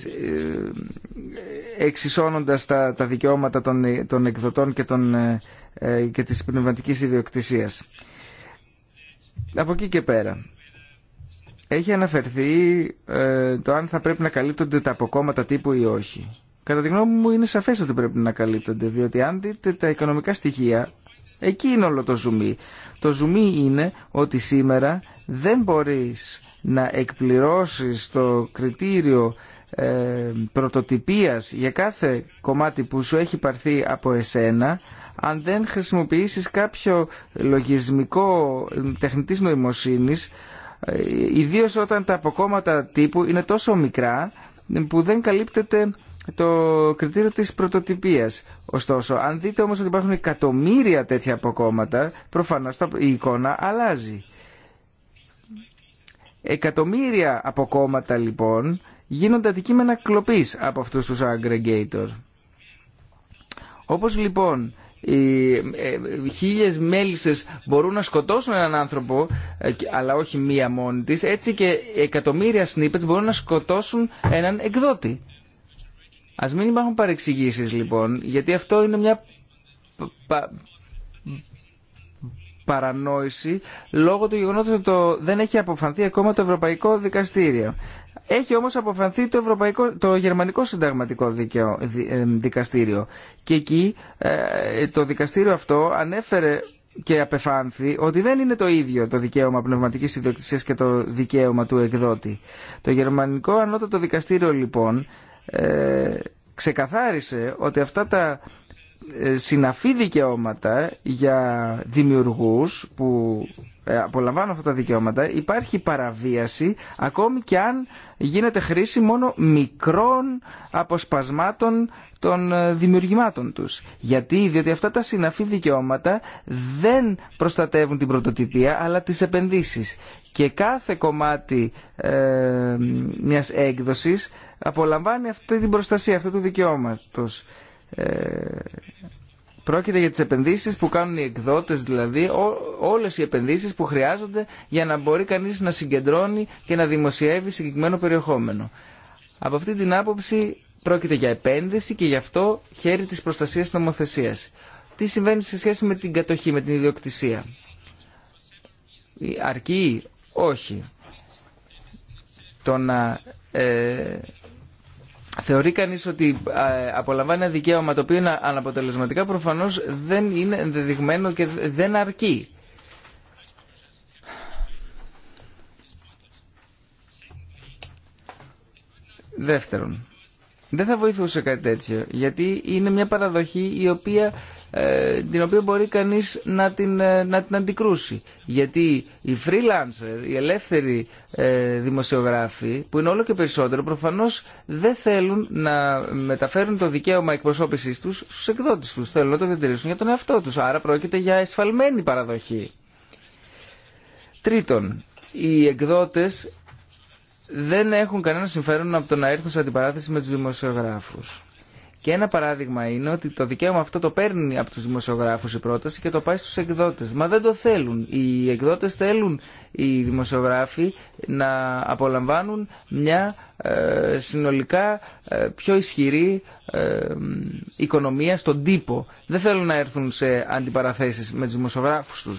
εξισώνοντας τα, τα δικαιώματα των, εκδοτών και, των, και της πνευματικής ιδιοκτησίας. Από εκεί και πέρα. Έχει αναφερθεί το αν θα πρέπει να καλύπτονται τα αποκόμματα τύπου ή όχι. Κατά τη γνώμη μου είναι σαφές ότι πρέπει να καλύπτονται, διότι αν δείτε τα οικονομικά στοιχεία, εκεί είναι όλο το ζουμί. Το ζουμί είναι ότι σήμερα δεν μπορείς να εκπληρώσεις το κριτήριο ε, πρωτοτυπίας για κάθε κομμάτι που σου έχει πάρθει από εσένα αν δεν χρησιμοποιήσεις κάποιο λογισμικό ε, τεχνητής νοημοσύνης ε, ιδίως όταν τα αποκόμματα τύπου είναι τόσο μικρά που δεν καλύπτεται το κριτήριο της πρωτοτυπίας. Ωστόσο, αν δείτε όμως ότι υπάρχουν εκατομμύρια τέτοια αποκόμματα, προφανώς η εικόνα αλλάζει. Εκατομμύρια αποκόμματα λοιπόν γίνονται αντικείμενα κλοπής από αυτούς τους aggregator. Όπως λοιπόν οι ε, ε, χίλιες μέλισσες μπορούν να σκοτώσουν έναν άνθρωπο ε, αλλά όχι μία μόνη της έτσι και εκατομμύρια snippets μπορούν να σκοτώσουν έναν εκδότη Ας μην υπάρχουν παρεξηγήσει, λοιπόν, γιατί αυτό είναι μια παρανόηση λόγω του γεγονότος ότι το... δεν έχει αποφανθεί ακόμα το Ευρωπαϊκό Δικαστήριο. Έχει όμως αποφανθεί το, Ευρωπαϊκό, το Γερμανικό Συνταγματικό Δικαιο... Ε, δικαστήριο και εκεί ε, το δικαστήριο αυτό ανέφερε και απεφάνθη ότι δεν είναι το ίδιο το δικαίωμα πνευματικής ιδιοκτησίας και το δικαίωμα του εκδότη. Το Γερμανικό Ανώτατο Δικαστήριο λοιπόν ε, ξεκαθάρισε ότι αυτά τα ε, συναφή δικαιώματα για δημιουργούς που ε, απολαμβάνουν αυτά τα δικαιώματα υπάρχει παραβίαση ακόμη και αν γίνεται χρήση μόνο μικρών αποσπασμάτων των δημιουργημάτων τους. Γιατί, διότι αυτά τα συναφή δικαιώματα δεν προστατεύουν την πρωτοτυπία αλλά τις επενδύσεις. Και κάθε κομμάτι μιας έκδοσης απολαμβάνει αυτή την προστασία, αυτού του δικαιώματος. Ε, πρόκειται για τις επενδύσεις που κάνουν οι εκδότε, δηλαδή όλε όλες οι επενδύσεις που χρειάζονται για να μπορεί κανεί να συγκεντρώνει και να δημοσιεύει συγκεκριμένο περιεχόμενο. Από αυτή την άποψη πρόκειται για επένδυση και γι' αυτό χέρι της προστασίας νομοθεσία. Τι συμβαίνει σε σχέση με την κατοχή, με την ιδιοκτησία. Αρκεί, όχι. Το να ε, θεωρεί κανείς ότι ε, απολαμβάνει ένα δικαίωμα το οποίο είναι αναποτελεσματικά προφανώς δεν είναι ενδεδειγμένο και δεν αρκεί. Δεύτερον, δεν θα βοηθούσε κάτι τέτοιο, γιατί είναι μια παραδοχή η οποία ε, την οποία μπορεί κανείς να την, ε, να την αντικρούσει. Γιατί οι freelancer, οι ελεύθεροι ε, δημοσιογράφοι, που είναι όλο και περισσότερο, προφανώς δεν θέλουν να μεταφέρουν το δικαίωμα εκπροσώπησής τους στους εκδότες τους. Θέλουν να το διατηρήσουν για τον εαυτό τους. Άρα πρόκειται για εσφαλμένη παραδοχή. Τρίτον, οι εκδότες δεν έχουν κανένα συμφέρον από το να έρθουν σε αντιπαράθεση με τους δημοσιογράφους. Και ένα παράδειγμα είναι ότι το δικαίωμα αυτό το παίρνει από τους δημοσιογράφους η πρόταση και το πάει στου εκδότε. Μα δεν το θέλουν. Οι εκδότε θέλουν οι δημοσιογράφοι να απολαμβάνουν μια ε, συνολικά ε, πιο ισχυρή ε, οικονομία στον τύπο. Δεν θέλουν να έρθουν σε αντιπαραθέσεις με τους δημοσιογράφους του.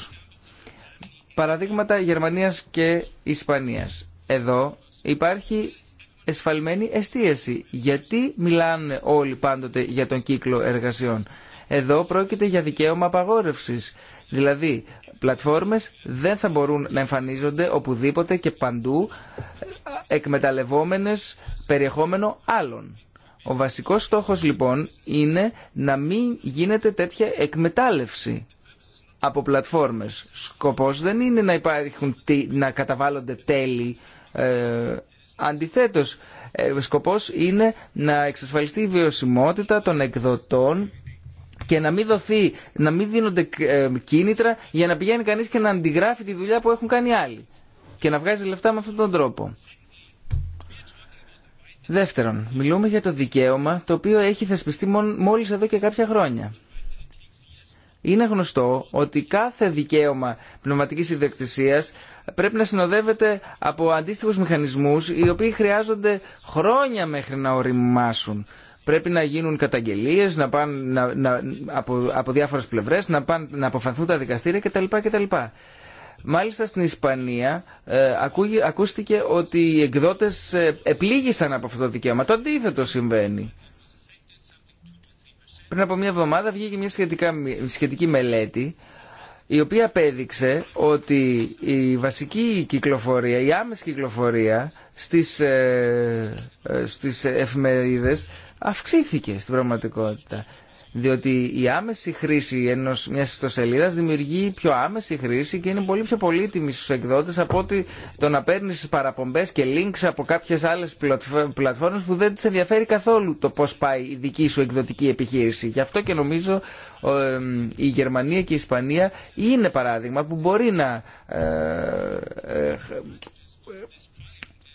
Παραδείγματα Γερμανία και Ισπανία. Εδώ υπάρχει εσφαλμένη εστίαση. Γιατί μιλάνε όλοι πάντοτε για τον κύκλο εργασιών. Εδώ πρόκειται για δικαίωμα απαγόρευση. Δηλαδή, πλατφόρμες δεν θα μπορούν να εμφανίζονται οπουδήποτε και παντού εκμεταλλευόμενες περιεχόμενο άλλων. Ο βασικός στόχος λοιπόν είναι να μην γίνεται τέτοια εκμετάλλευση από πλατφόρμες. Σκοπός δεν είναι να υπάρχουν, να καταβάλλονται τέλη ε, Αντιθέτως, ε, σκοπός είναι να εξασφαλιστεί η βιωσιμότητα των εκδοτών και να μην, δοθεί, να μην δίνονται ε, κίνητρα για να πηγαίνει κανείς και να αντιγράφει τη δουλειά που έχουν κάνει άλλοι και να βγάζει λεφτά με αυτόν τον τρόπο. Δεύτερον, μιλούμε για το δικαίωμα το οποίο έχει θεσπιστεί μόλις εδώ και κάποια χρόνια είναι γνωστό ότι κάθε δικαίωμα πνευματικής ιδιοκτησίας πρέπει να συνοδεύεται από αντίστοιχους μηχανισμούς οι οποίοι χρειάζονται χρόνια μέχρι να οριμάσουν. Πρέπει να γίνουν καταγγελίες να να, να, από, από διάφορες πλευρές, να, να αποφανθούν τα δικαστήρια κτλ. κτλ. Μάλιστα στην Ισπανία ε, ακούστηκε ότι οι εκδότες ε, επλήγησαν από αυτό το δικαίωμα. Το αντίθετο συμβαίνει. Πριν από μια εβδομάδα βγήκε μια σχετικά, σχετική μελέτη η οποία απέδειξε ότι η βασική κυκλοφορία, η άμεση κυκλοφορία στις, ε, ε στις εφημερίδες αυξήθηκε στην πραγματικότητα διότι η άμεση χρήση ενός μιας ιστοσελίδας δημιουργεί πιο άμεση χρήση και είναι πολύ πιο πολύτιμη στους εκδότες από ότι το να παίρνεις παραπομπές και links από κάποιες άλλες πλατφόρμες που δεν τις ενδιαφέρει καθόλου το πώς πάει η δική σου εκδοτική επιχείρηση. Γι' αυτό και νομίζω η Γερμανία και η Ισπανία είναι παράδειγμα που μπορεί να, ε, ε,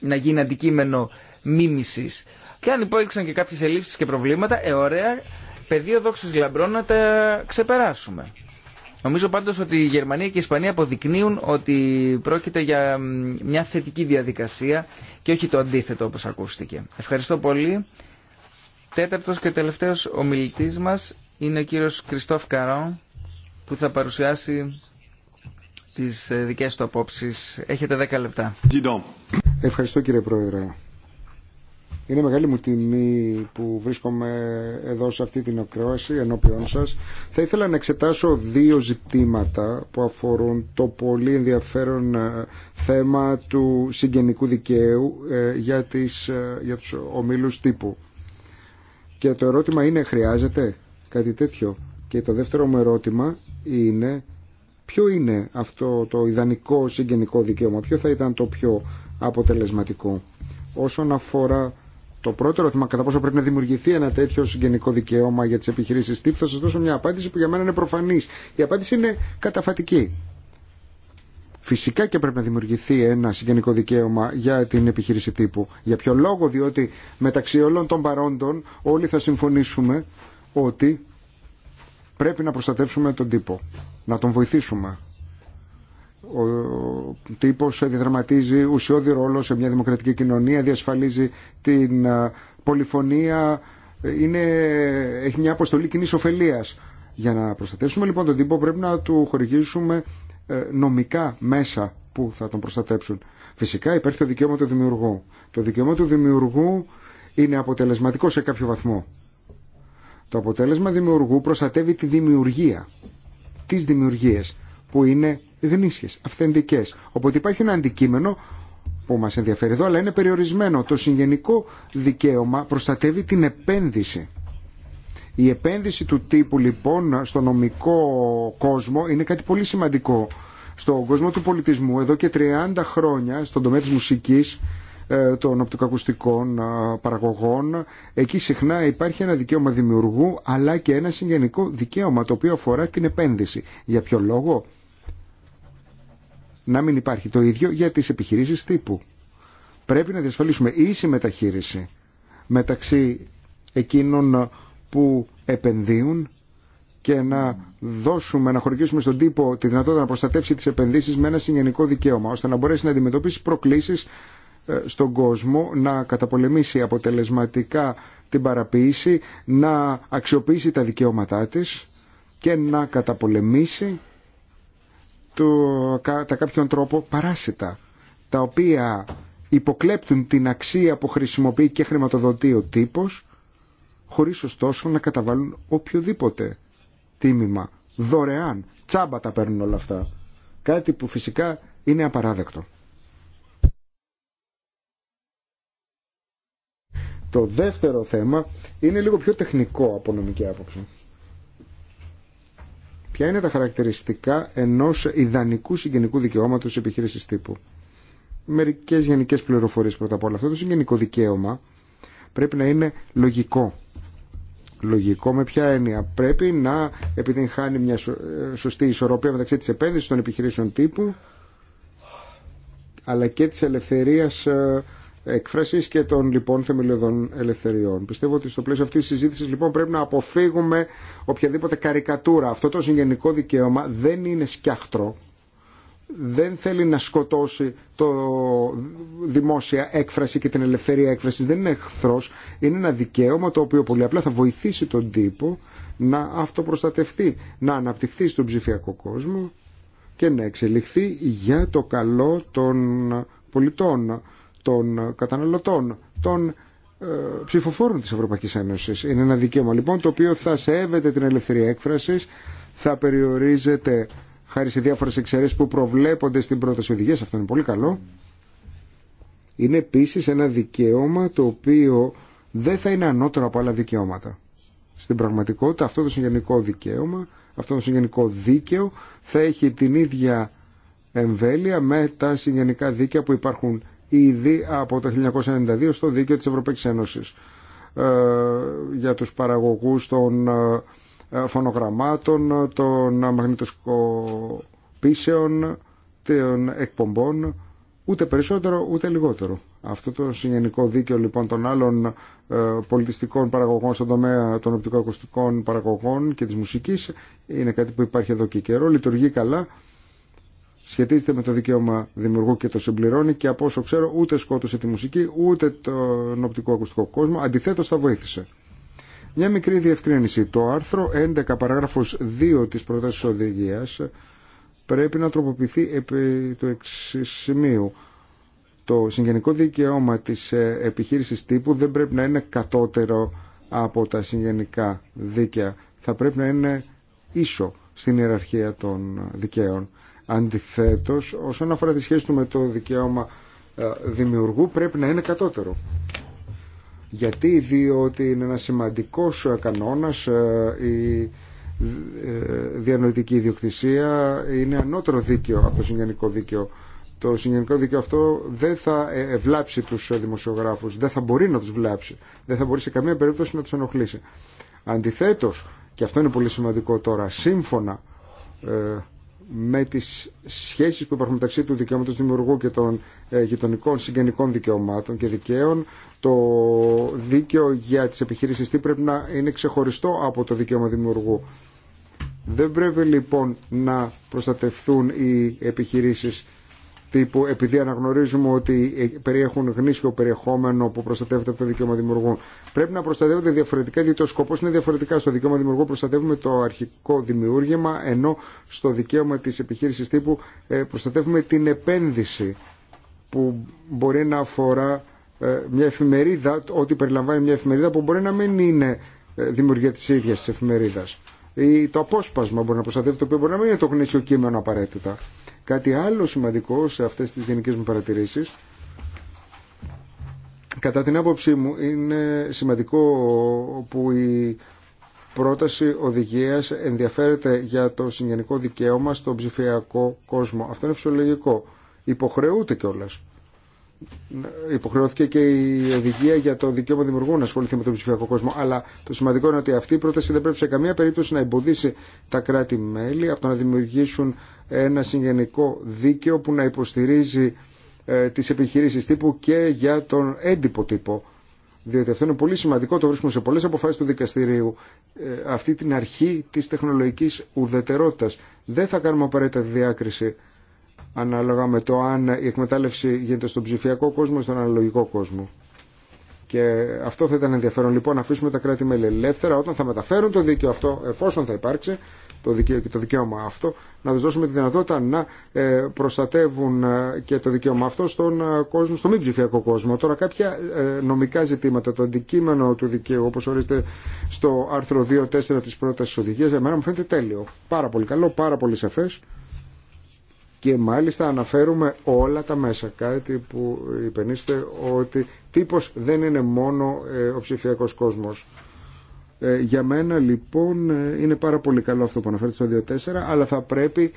να γίνει αντικείμενο μίμησης. Και αν υπόλοιξαν και κάποιες ελλείψεις και προβλήματα, ε, πεδίο δόξης λαμπρών να τα ξεπεράσουμε. Νομίζω πάντως ότι η Γερμανία και η Ισπανία αποδεικνύουν ότι πρόκειται για μια θετική διαδικασία και όχι το αντίθετο όπως ακούστηκε. Ευχαριστώ πολύ. Τέταρτος και τελευταίος ομιλητής μας είναι ο κύριος Κριστόφ Καρόν που θα παρουσιάσει τις ε, δικές του απόψεις. Έχετε 10 λεπτά. Ευχαριστώ κύριε Πρόεδρε. Είναι μεγάλη μου τιμή που βρίσκομαι εδώ σε αυτή την ακρόαση ενώπιον σας. Θα ήθελα να εξετάσω δύο ζητήματα που αφορούν το πολύ ενδιαφέρον ε, θέμα του συγγενικού δικαίου ε, για, τις, ε, για τους ομίλους τύπου. Και το ερώτημα είναι χρειάζεται κάτι τέτοιο. Και το δεύτερο μου ερώτημα είναι ποιο είναι αυτό το ιδανικό συγγενικό δικαίωμα, ποιο θα ήταν το πιο αποτελεσματικό όσον αφορά το πρώτο ερώτημα, κατά πόσο πρέπει να δημιουργηθεί ένα τέτοιο συγγενικό δικαίωμα για τι επιχειρήσει τύπου, θα σα δώσω μια απάντηση που για μένα είναι προφανή. Η απάντηση είναι καταφατική. Φυσικά και πρέπει να δημιουργηθεί ένα συγγενικό δικαίωμα για την επιχείρηση τύπου. Για ποιο λόγο, διότι μεταξύ όλων των παρόντων όλοι θα συμφωνήσουμε ότι πρέπει να προστατεύσουμε τον τύπο, να τον βοηθήσουμε ο τύπος διαδραματίζει ουσιώδη ρόλο σε μια δημοκρατική κοινωνία, διασφαλίζει την ε, πολυφωνία, ε, είναι, έχει μια αποστολή κοινή ωφελία. Για να προστατεύσουμε λοιπόν τον τύπο πρέπει να του χορηγήσουμε ε, νομικά μέσα που θα τον προστατέψουν. Φυσικά υπάρχει το δικαίωμα του δημιουργού. Το δικαίωμα του δημιουργού είναι αποτελεσματικό σε κάποιο βαθμό. Το αποτέλεσμα δημιουργού προστατεύει τη δημιουργία, τις δημιουργίες που είναι γνήσιες, αυθεντικές. Οπότε υπάρχει ένα αντικείμενο που μας ενδιαφέρει εδώ, αλλά είναι περιορισμένο. Το συγγενικό δικαίωμα προστατεύει την επένδυση. Η επένδυση του τύπου λοιπόν στο νομικό κόσμο είναι κάτι πολύ σημαντικό. Στον κόσμο του πολιτισμού εδώ και 30 χρόνια στον τομέα της μουσικής ε, των οπτικοακουστικών ε, παραγωγών εκεί συχνά υπάρχει ένα δικαίωμα δημιουργού αλλά και ένα συγγενικό δικαίωμα το οποίο αφορά την επένδυση. Για ποιο λόγο? να μην υπάρχει το ίδιο για τις επιχειρήσεις τύπου. Πρέπει να διασφαλίσουμε ίση μεταχείριση μεταξύ εκείνων που επενδύουν και να δώσουμε, να χορηγήσουμε στον τύπο τη δυνατότητα να προστατεύσει τις επενδύσεις με ένα συγγενικό δικαίωμα, ώστε να μπορέσει να αντιμετωπίσει προκλήσεις ε, στον κόσμο, να καταπολεμήσει αποτελεσματικά την παραποίηση, να αξιοποιήσει τα δικαιώματά της και να καταπολεμήσει το, τα κάποιον τρόπο παράσιτα, τα οποία υποκλέπτουν την αξία που χρησιμοποιεί και χρηματοδοτεί ο τύπος, χωρίς ωστόσο να καταβάλουν οποιοδήποτε τίμημα, δωρεάν, τσάμπα τα παίρνουν όλα αυτά. Κάτι που φυσικά είναι απαράδεκτο. Το δεύτερο θέμα είναι λίγο πιο τεχνικό από νομική άποψη ποια είναι τα χαρακτηριστικά ενός ιδανικού συγγενικού δικαιώματος επιχειρήση τύπου. Μερικές γενικές πληροφορίες πρώτα απ' όλα. Αυτό το συγγενικό δικαίωμα πρέπει να είναι λογικό. Λογικό με ποια έννοια. Πρέπει να επιτυγχάνει μια ε, σωστή ισορροπία μεταξύ τη επένδυσης των επιχειρήσεων τύπου αλλά και τη ελευθερία. Ε, Έκφραση και των λοιπόν θεμελιωδών ελευθεριών. Πιστεύω ότι στο πλαίσιο αυτή τη συζήτηση λοιπόν πρέπει να αποφύγουμε οποιαδήποτε καρικατούρα. Αυτό το συγγενικό δικαίωμα δεν είναι σκιάχτρο. Δεν θέλει να σκοτώσει το δημόσια έκφραση και την ελευθερία έκφραση. Δεν είναι εχθρό. Είναι ένα δικαίωμα το οποίο πολύ απλά θα βοηθήσει τον τύπο να αυτοπροστατευτεί, να αναπτυχθεί στον ψηφιακό κόσμο και να εξελιχθεί για το καλό των πολιτών των καταναλωτών, των ε, ψηφοφόρων της Ευρωπαϊκής Ένωσης. Είναι ένα δικαίωμα λοιπόν το οποίο θα σέβεται την ελευθερία έκφρασης, θα περιορίζεται χάρη σε διάφορες εξαιρέσεις που προβλέπονται στην πρόταση οδηγίας, αυτό είναι πολύ καλό. Είναι επίσης ένα δικαίωμα το οποίο δεν θα είναι ανώτερο από άλλα δικαιώματα. Στην πραγματικότητα αυτό το συγγενικό δικαίωμα, αυτό το συγγενικό δίκαιο θα έχει την ίδια εμβέλεια με τα συγγενικά δίκαια που υπάρχουν ήδη από το 1992 στο δίκαιο της Ευρωπαϊκής Ένωσης ε, για τους παραγωγούς των ε, φωνογραμμάτων, των μαγνητοσκοπήσεων, των εκπομπών, ούτε περισσότερο ούτε λιγότερο. Αυτό το συγγενικό δίκαιο λοιπόν των άλλων ε, πολιτιστικών παραγωγών στον τομέα των οπτικοακουστικών παραγωγών και της μουσικής είναι κάτι που υπάρχει εδώ και καιρό, λειτουργεί καλά σχετίζεται με το δικαίωμα δημιουργού και το συμπληρώνει και από όσο ξέρω ούτε σκότωσε τη μουσική ούτε τον οπτικό ακουστικό κόσμο, αντιθέτως θα βοήθησε. Μια μικρή διευκρίνηση. Το άρθρο 11 παράγραφος 2 της προτάσης οδηγίας πρέπει να τροποποιηθεί επί του εξή σημείου. Το συγγενικό δικαίωμα της ε, επιχείρησης τύπου δεν πρέπει να είναι κατώτερο από τα συγγενικά δίκαια. Θα πρέπει να είναι ίσο στην ιεραρχία των δικαίων. Αντιθέτως, όσον αφορά τη σχέση του με το δικαίωμα ε, δημιουργού πρέπει να είναι κατώτερο. Γιατί, διότι είναι ένα σημαντικός ε, κανόνας ε, η διανοητική ιδιοκτησία είναι ανώτερο δίκαιο από το συγγενικό δίκαιο. Το συγγενικό δίκαιο αυτό δεν θα ευλάψει τους δημοσιογράφους, δεν θα μπορεί να τους βλάψει, δεν θα μπορεί σε καμία περίπτωση να τους ενοχλήσει. Αντιθέτως, και αυτό είναι πολύ σημαντικό τώρα, σύμφωνα με τις σχέσεις που υπάρχουν μεταξύ του δικαιώματος δημιουργού και των ε, γειτονικών συγγενικών δικαιωμάτων και δικαίων το δίκαιο για τις επιχειρήσεις τι πρέπει να είναι ξεχωριστό από το δικαίωμα δημιουργού. Δεν πρέπει λοιπόν να προστατευθούν οι επιχειρήσεις τύπου επειδή αναγνωρίζουμε ότι ε, περιέχουν γνήσιο περιεχόμενο που προστατεύεται από το δικαίωμα δημιουργού. Πρέπει να προστατεύονται διαφορετικά γιατί ο σκοπό είναι διαφορετικά. Στο δικαίωμα δημιουργού προστατεύουμε το αρχικό δημιούργημα ενώ στο δικαίωμα τη επιχείρηση τύπου ε, προστατεύουμε την επένδυση που μπορεί να αφορά ε, μια εφημερίδα, ό,τι περιλαμβάνει μια εφημερίδα που μπορεί να μην είναι δημιουργία τη ίδια τη εφημερίδα. Ή το απόσπασμα μπορεί να προστατεύεται, το οποίο μπορεί να μην είναι το γνήσιο κείμενο απαραίτητα. Κάτι άλλο σημαντικό σε αυτές τις γενικές μου παρατηρήσεις κατά την άποψή μου είναι σημαντικό που η πρόταση οδηγίας ενδιαφέρεται για το συγγενικό δικαίωμα στον ψηφιακό κόσμο. Αυτό είναι φυσιολογικό. Υποχρεούται κιόλας υποχρεώθηκε και η οδηγία για το δικαίωμα δημιουργού να ασχοληθεί με τον ψηφιακό κόσμο. Αλλά το σημαντικό είναι ότι αυτή η πρόταση δεν πρέπει σε καμία περίπτωση να εμποδίσει τα κράτη-μέλη από το να δημιουργήσουν ένα συγγενικό δίκαιο που να υποστηρίζει ε, τις επιχειρήσεις τύπου και για τον έντυπο τύπο. Διότι αυτό είναι πολύ σημαντικό, το βρίσκουμε σε πολλέ αποφάσει του δικαστηρίου. Ε, αυτή την αρχή τη τεχνολογική ουδετερότητα. Δεν θα κάνουμε απαραίτητα διάκριση ανάλογα με το αν η εκμετάλλευση γίνεται στον ψηφιακό κόσμο ή στον αναλογικό κόσμο. Και αυτό θα ήταν ενδιαφέρον λοιπόν να αφήσουμε τα κράτη-μέλη ελεύθερα όταν θα μεταφέρουν το δίκαιο αυτό, εφόσον θα υπάρξει το δικαίωμα, το δικαίωμα αυτό, να του δώσουμε τη δυνατότητα να ε, προστατεύουν ε, και το δικαίωμα αυτό στον ε, κόσμο, στο μη ψηφιακό κόσμο. Τώρα κάποια νομικά ζητήματα, το αντικείμενο του δικαίου, όπω ορίζεται στο άρθρο 2.4 τη πρόταση οδηγία, εμένα μου φαίνεται τέλειο. Πάρα πολύ καλό, πάρα πολύ σαφέ και μάλιστα αναφέρουμε όλα τα μέσα. Κάτι που υπενήστε ότι τύπος δεν είναι μόνο ε, ο ψηφιακός κόσμος. Ε, για μένα λοιπόν ε, είναι πάρα πολύ καλό αυτό που αναφέρεται στο 2.4 αλλά θα πρέπει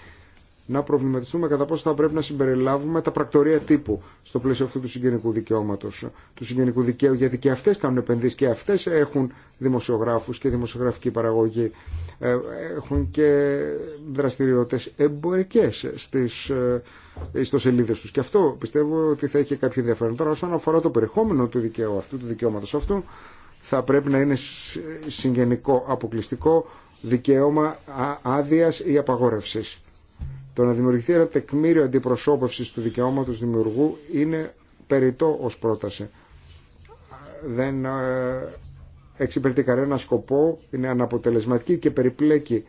να προβληματιστούμε κατά πόσο θα πρέπει να συμπεριλάβουμε τα πρακτορία τύπου στο πλαίσιο αυτού του συγγενικού δικαιώματο, του συγγενικού δικαίου, γιατί και αυτέ κάνουν επενδύσει και αυτέ έχουν δημοσιογράφου και δημοσιογραφική παραγωγή. Ε, έχουν και δραστηριότητε εμπορικέ στι ε, ιστοσελίδε του. Και αυτό πιστεύω ότι θα έχει κάποιο ενδιαφέρον. Τώρα, όσον αφορά το περιεχόμενο του δικαίου αυτού, του δικαιώματο αυτού, θα πρέπει να είναι συγγενικό, αποκλειστικό δικαίωμα άδεια ή απαγόρευση το να δημιουργηθεί ένα τεκμήριο αντιπροσώπευσης του δικαιώματο δημιουργού είναι περιττό ω πρόταση. Δεν ε, εξυπηρετεί κανένα σκοπό, είναι αναποτελεσματική και περιπλέκει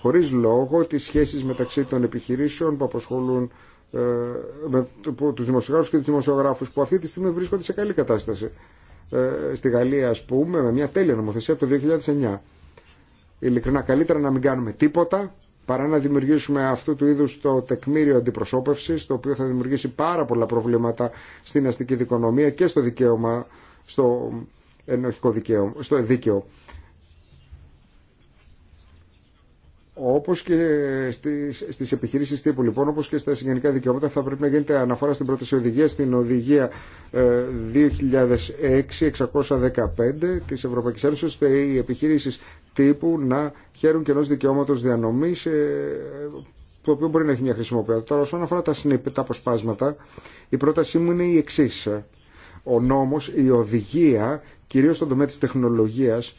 χωρί λόγο τι σχέσει μεταξύ των επιχειρήσεων που απασχολούν ε, με, τους και του δημοσιογράφου που αυτή τη στιγμή βρίσκονται σε καλή κατάσταση. Ε, στη Γαλλία α πούμε με μια τέλεια νομοθεσία από το 2009. Ειλικρινά καλύτερα να μην κάνουμε τίποτα παρά να δημιουργήσουμε αυτού του είδους το τεκμήριο αντιπροσώπευσης το οποίο θα δημιουργήσει πάρα πολλά προβλήματα στην αστική δικονομία και στο δικαίωμα στο ενοχικό δικαίωμα, στο δίκαιο. Όπως και στις, στις επιχειρήσεις τύπου λοιπόν, όπως και στα συγγενικά δικαιώματα θα πρέπει να γίνεται αναφορά στην πρόταση οδηγία στην οδηγία 2006-615 ε, της Ευρωπαϊκής Ένωσης ώστε οι επιχειρήσεις τύπου να χαίρουν και ενό δικαιώματος διανομής ε, το οποίο μπορεί να έχει μια χρησιμοποίηση. Τώρα όσον αφορά τα τα αποσπάσματα, η πρότασή μου είναι η εξή. Ο νόμος, η οδηγία, κυρίως στον τομέα της τεχνολογίας,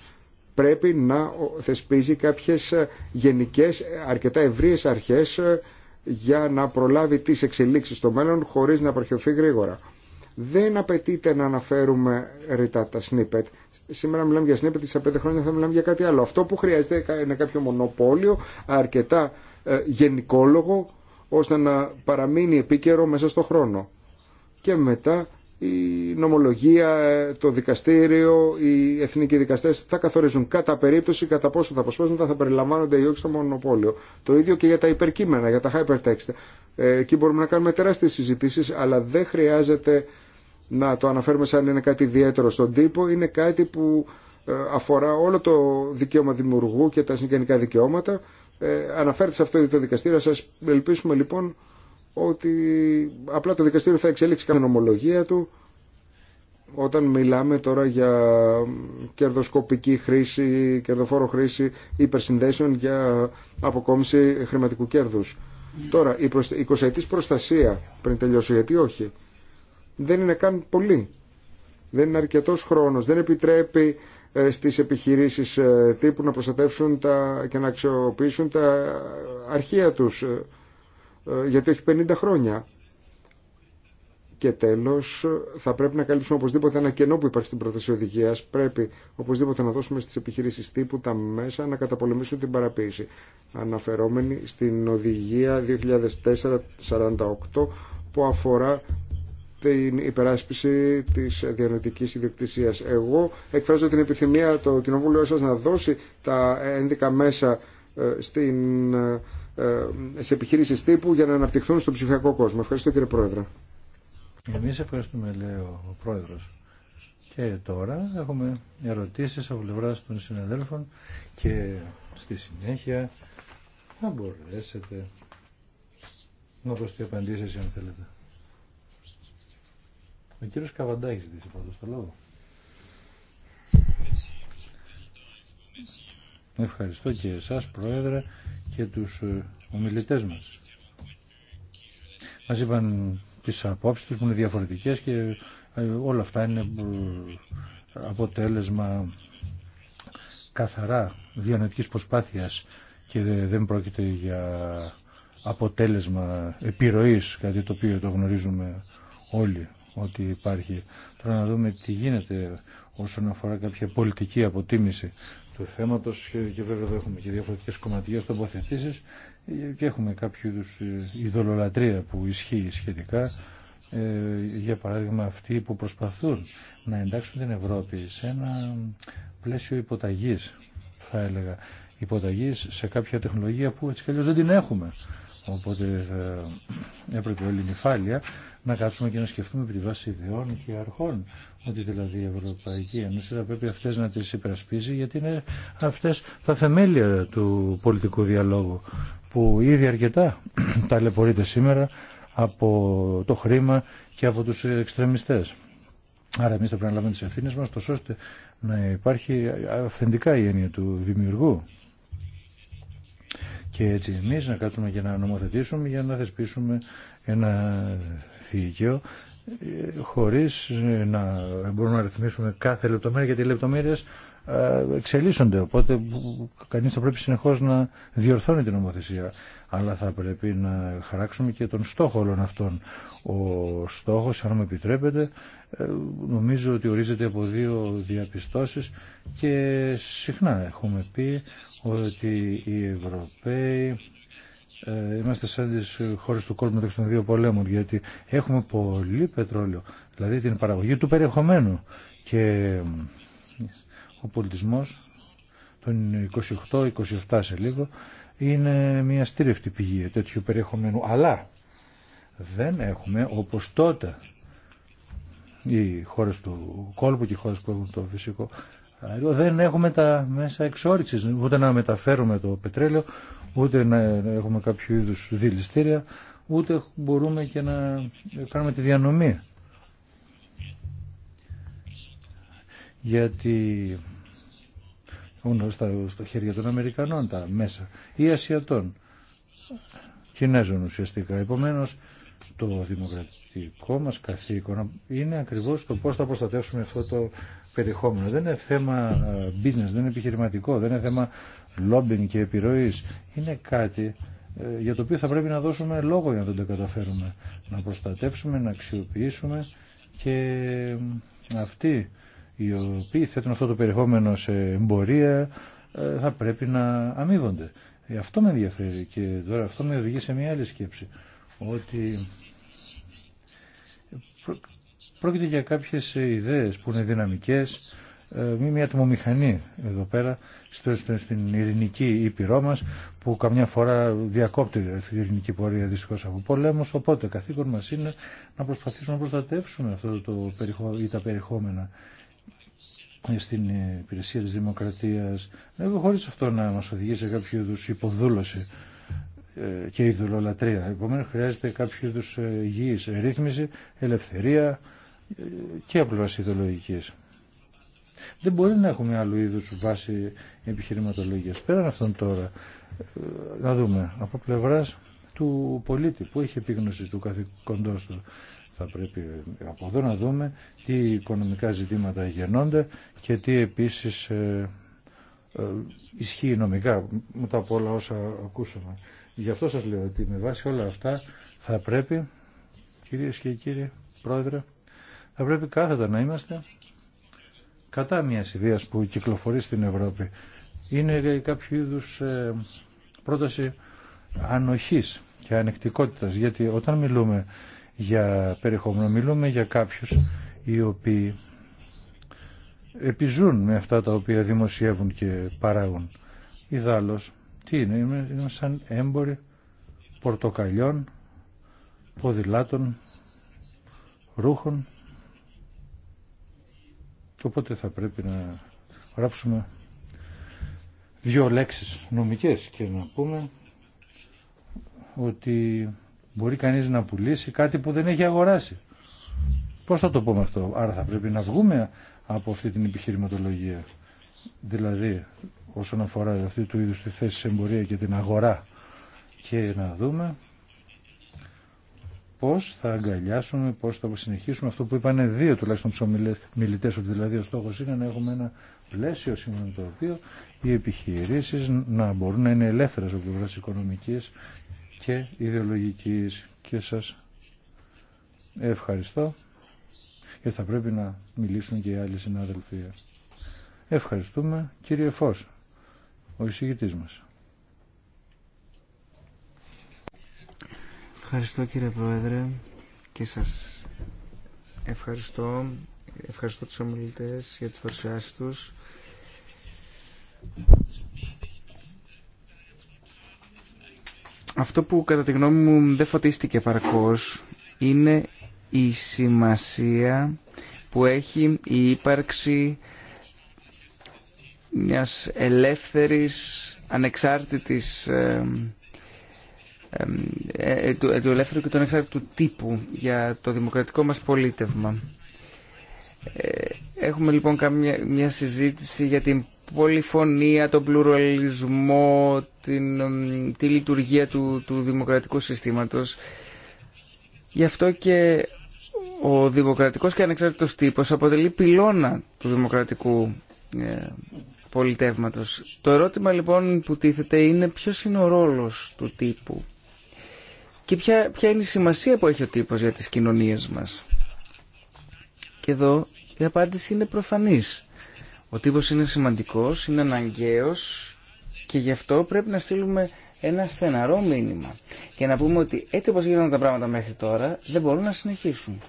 πρέπει να θεσπίζει κάποιες ε, γενικές, ε, αρκετά ευρείες αρχές ε, για να προλάβει τις εξελίξεις στο μέλλον χωρίς να απαρχιωθεί γρήγορα. Δεν απαιτείται να αναφέρουμε ρητά τα snippet. Σήμερα μιλάμε για snippet, σε πέντε χρόνια θα μιλάμε για κάτι άλλο. Αυτό που χρειάζεται είναι κάποιο μονοπόλιο, αρκετά γενικόλογο, ώστε να παραμείνει επίκαιρο μέσα στο χρόνο. Και μετά η νομολογία, το δικαστήριο, οι εθνικοί δικαστέ θα καθορίζουν κατά περίπτωση κατά πόσο τα αποσπάσματα θα περιλαμβάνονται ή όχι στο μονοπόλιο. Το ίδιο και για τα υπερκείμενα, για τα hypertext. Ε, εκεί μπορούμε να κάνουμε τεράστιε συζητήσει, αλλά δεν χρειάζεται να το αναφέρουμε σαν είναι κάτι ιδιαίτερο στον τύπο. Είναι κάτι που ε, αφορά όλο το δικαίωμα δημιουργού και τα συγγενικά δικαιώματα. Ε, αναφέρεται σε αυτό το δικαστήριο. Σα ελπίσουμε λοιπόν ότι απλά το δικαστήριο θα εξελίξει κάποια νομολογία του όταν μιλάμε τώρα για κερδοσκοπική χρήση, κερδοφόρο χρήση υπερσυνδέσεων για αποκόμιση χρηματικού κέρδους. Τώρα, η 20 ετής προστασία, πριν τελειώσω γιατί όχι, δεν είναι καν πολύ. Δεν είναι αρκετός χρόνος, δεν επιτρέπει ε, στις επιχειρήσεις ε, τύπου να προστατεύσουν τα, και να αξιοποιήσουν τα αρχεία τους ε. Ε, γιατί έχει 50 χρόνια. Και τέλο, θα πρέπει να καλύψουμε οπωσδήποτε ένα κενό που υπάρχει στην πρόταση οδηγία. Πρέπει οπωσδήποτε να δώσουμε στι επιχειρήσει τύπου τα μέσα να καταπολεμήσουν την παραποίηση. αναφερόμενη στην οδηγία 2004-48 που αφορά την υπεράσπιση τη διανοητική ιδιοκτησία. Εγώ εκφράζω την επιθυμία το κοινοβούλιο σα να δώσει τα ένδικα μέσα ε, στην ε, ε, σε επιχειρήσεις τύπου για να αναπτυχθούν στον ψηφιακό κόσμο. Ευχαριστώ κύριε Πρόεδρε. Εμείς ευχαριστούμε λέει ο Πρόεδρος. Και τώρα έχουμε ερωτήσεις από πλευρά των συναδέλφων και στη συνέχεια θα μπορέσετε να δώσετε απαντήσεις αν θέλετε. Ο κύριος Καβαντάκης ζητήσει πάντως το λόγο. Ευχαριστώ και εσάς Πρόεδρε και τους ε, ομιλητές μας. Μας είπαν τις απόψεις τους που είναι διαφορετικές και ε, όλα αυτά είναι ε, αποτέλεσμα καθαρά διανοητικής προσπάθειας και δεν πρόκειται για αποτέλεσμα επιρροής, κάτι το οποίο το γνωρίζουμε όλοι ότι υπάρχει. Τώρα να δούμε τι γίνεται όσον αφορά κάποια πολιτική αποτίμηση του θέματος και βέβαια εδώ έχουμε και διαφορετικές κομματικέ τοποθετήσει και έχουμε κάποιο είδου ε, που ισχύει σχετικά ε, για παράδειγμα αυτοί που προσπαθούν να εντάξουν την Ευρώπη σε ένα πλαίσιο υποταγής θα έλεγα υποταγής σε κάποια τεχνολογία που έτσι κι δεν την έχουμε οπότε έπρεπε όλη η νυφάλια να κάτσουμε και να σκεφτούμε επί τη βάση ιδεών και αρχών ότι δηλαδή η Ευρωπαϊκή Ένωση θα πρέπει αυτές να τις υπερασπίζει γιατί είναι αυτές τα θεμέλια του πολιτικού διαλόγου που ήδη αρκετά <clears throat> ταλαιπωρείται σήμερα από το χρήμα και από τους εξτρεμιστές. Άρα εμείς θα πρέπει να λάβουμε τις ευθύνες μας, τόσο ώστε να υπάρχει αυθεντικά η έννοια του δημιουργού και έτσι εμεί να κάτσουμε και να νομοθετήσουμε για να θεσπίσουμε ένα θηγείο ε, χωρίς ε, να μπορούμε να ρυθμίσουμε κάθε λεπτομέρεια γιατί οι λεπτομέρειες ε, εξελίσσονται οπότε κανείς θα πρέπει συνεχώς να διορθώνει την νομοθεσία αλλά θα πρέπει να χαράξουμε και τον στόχο όλων αυτών ο στόχος αν μου επιτρέπετε ε, νομίζω ότι ορίζεται από δύο διαπιστώσεις και συχνά έχουμε πει ότι οι Ευρωπαίοι ε, είμαστε σαν τις χώρες του κόλπου μεταξύ των δύο πολέμων γιατί έχουμε πολύ πετρόλαιο δηλαδή την παραγωγή του περιεχομένου και ο πολιτισμός των 28-27 σε λίγο είναι μια στήρευτη πηγή τέτοιου περιεχομένου αλλά δεν έχουμε όπως τότε οι χώρε του κόλπου και οι χώρε που έχουν το φυσικό δεν έχουμε τα μέσα εξόριξης ούτε να μεταφέρουμε το πετρέλαιο ούτε να έχουμε κάποιο είδους δηληστήρια ούτε μπορούμε και να κάνουμε τη διανομή γιατί έχουν στα, στα χέρια των Αμερικανών τα μέσα ή Ασιατών Κινέζων ουσιαστικά επομένως το δημοκρατικό μας καθήκον είναι ακριβώς το πώς θα προστατεύσουμε αυτό το περιεχόμενο. Δεν είναι θέμα ε, business, δεν είναι επιχειρηματικό, δεν είναι θέμα lobbying και επιρροής. Είναι κάτι ε, για το οποίο θα πρέπει να δώσουμε λόγο για να το καταφέρουμε. Να προστατεύσουμε, να αξιοποιήσουμε και ε, αυτοί οι οποίοι θέτουν αυτό το περιεχόμενο σε εμπορία θα πρέπει να αμείβονται. Αυτό με ενδιαφέρει και τώρα αυτό με οδηγεί σε μια άλλη σκέψη. Ότι Πρόκειται για κάποιες ιδέες που είναι δυναμικές, ε, μη μια ατμομηχανή εδώ πέρα στην ειρηνική ήπειρό μας που καμιά φορά διακόπτει η ειρηνική πορεία δυστυχώς από πολέμους οπότε καθήκον μας είναι να προσπαθήσουμε να προστατεύσουμε αυτό το τα περιεχόμενα στην υπηρεσία της δημοκρατίας ε, χωρίς αυτό να μας οδηγεί σε κάποιο είδου υποδούλωση ε, και ειδωλολατρεία. Επομένως χρειάζεται κάποιο είδους ε, υγιής ρύθμιση, ελευθερία ε, και απλώς ιδεολογικής. Δεν μπορεί να έχουμε άλλου είδους βάση επιχειρηματολογίας. Πέραν αυτόν τώρα, να δούμε από πλευράς του πολίτη που έχει επίγνωση του καθηκοντός του. Θα πρέπει από εδώ να δούμε τι οικονομικά ζητήματα γεννώνται και τι επίσης ε, ισχύει νομικά μετά από όλα όσα ακούσαμε. Γι' αυτό σας λέω ότι με βάση όλα αυτά θα πρέπει, κυρίες και κύριοι, πρόεδρε, θα πρέπει κάθετα να είμαστε κατά μια ιδέα που κυκλοφορεί στην Ευρώπη. Είναι κάποιο είδου ε, πρόταση ανοχής και ανεκτικότητας, γιατί όταν μιλούμε για περιεχόμενο, μιλούμε για κάποιους οι οποίοι επιζούν με αυτά τα οποία δημοσιεύουν και παράγουν. Ιδάλλως, τι είναι, είναι, σαν έμποροι πορτοκαλιών, ποδηλάτων, ρούχων. Οπότε θα πρέπει να γράψουμε δύο λέξεις νομικές και να πούμε ότι μπορεί κανείς να πουλήσει κάτι που δεν έχει αγοράσει. Πώς θα το πούμε αυτό. Άρα θα πρέπει να βγούμε από αυτή την επιχειρηματολογία δηλαδή όσον αφορά αυτή του είδους τη θέση σε εμπορία και την αγορά και να δούμε πώς θα αγκαλιάσουμε, πώς θα συνεχίσουμε αυτό που είπανε δύο τουλάχιστον τους ότι δηλαδή ο στόχος είναι να έχουμε ένα πλαίσιο σύμφωνα το οποίο οι επιχειρήσεις να μπορούν να είναι ελεύθερες από πλευρά οικονομικής και ιδεολογικής και σας ευχαριστώ και θα πρέπει να μιλήσουν και οι άλλοι συνάδελφοι. Ευχαριστούμε κύριε Φως, ο εισηγητής μας. Ευχαριστώ κύριε Πρόεδρε και σας ευχαριστώ. Ευχαριστώ τους ομιλητές για τις παρουσιάσεις τους. Αυτό που κατά τη γνώμη μου δεν φωτίστηκε παρακώς είναι η σημασία που έχει η ύπαρξη μιας ελεύθερης, ανεξάρτητης ε, ε, ε, του ελεύθερου και του ανεξάρτητου τύπου για το δημοκρατικό μας πολίτευμα. Έχουμε λοιπόν μια συζήτηση για την πολυφωνία, τον πλουραλισμό, την, τη λειτουργία του, του δημοκρατικού συστήματος. Γι' αυτό και ο δημοκρατικός και ανεξάρτητος τύπος αποτελεί πυλώνα του δημοκρατικού πολιτεύματος. Το ερώτημα λοιπόν που τίθεται είναι ποιος είναι ο ρόλος του τύπου και ποια, είναι η σημασία που έχει ο τύπος για τις κοινωνίες μας. Και εδώ η απάντηση είναι προφανής. Ο τύπος είναι σημαντικός, είναι αναγκαίος και γι' αυτό πρέπει να στείλουμε ένα στεναρό μήνυμα και να πούμε ότι έτσι όπως γίνονται τα πράγματα μέχρι τώρα δεν μπορούν να συνεχίσουν.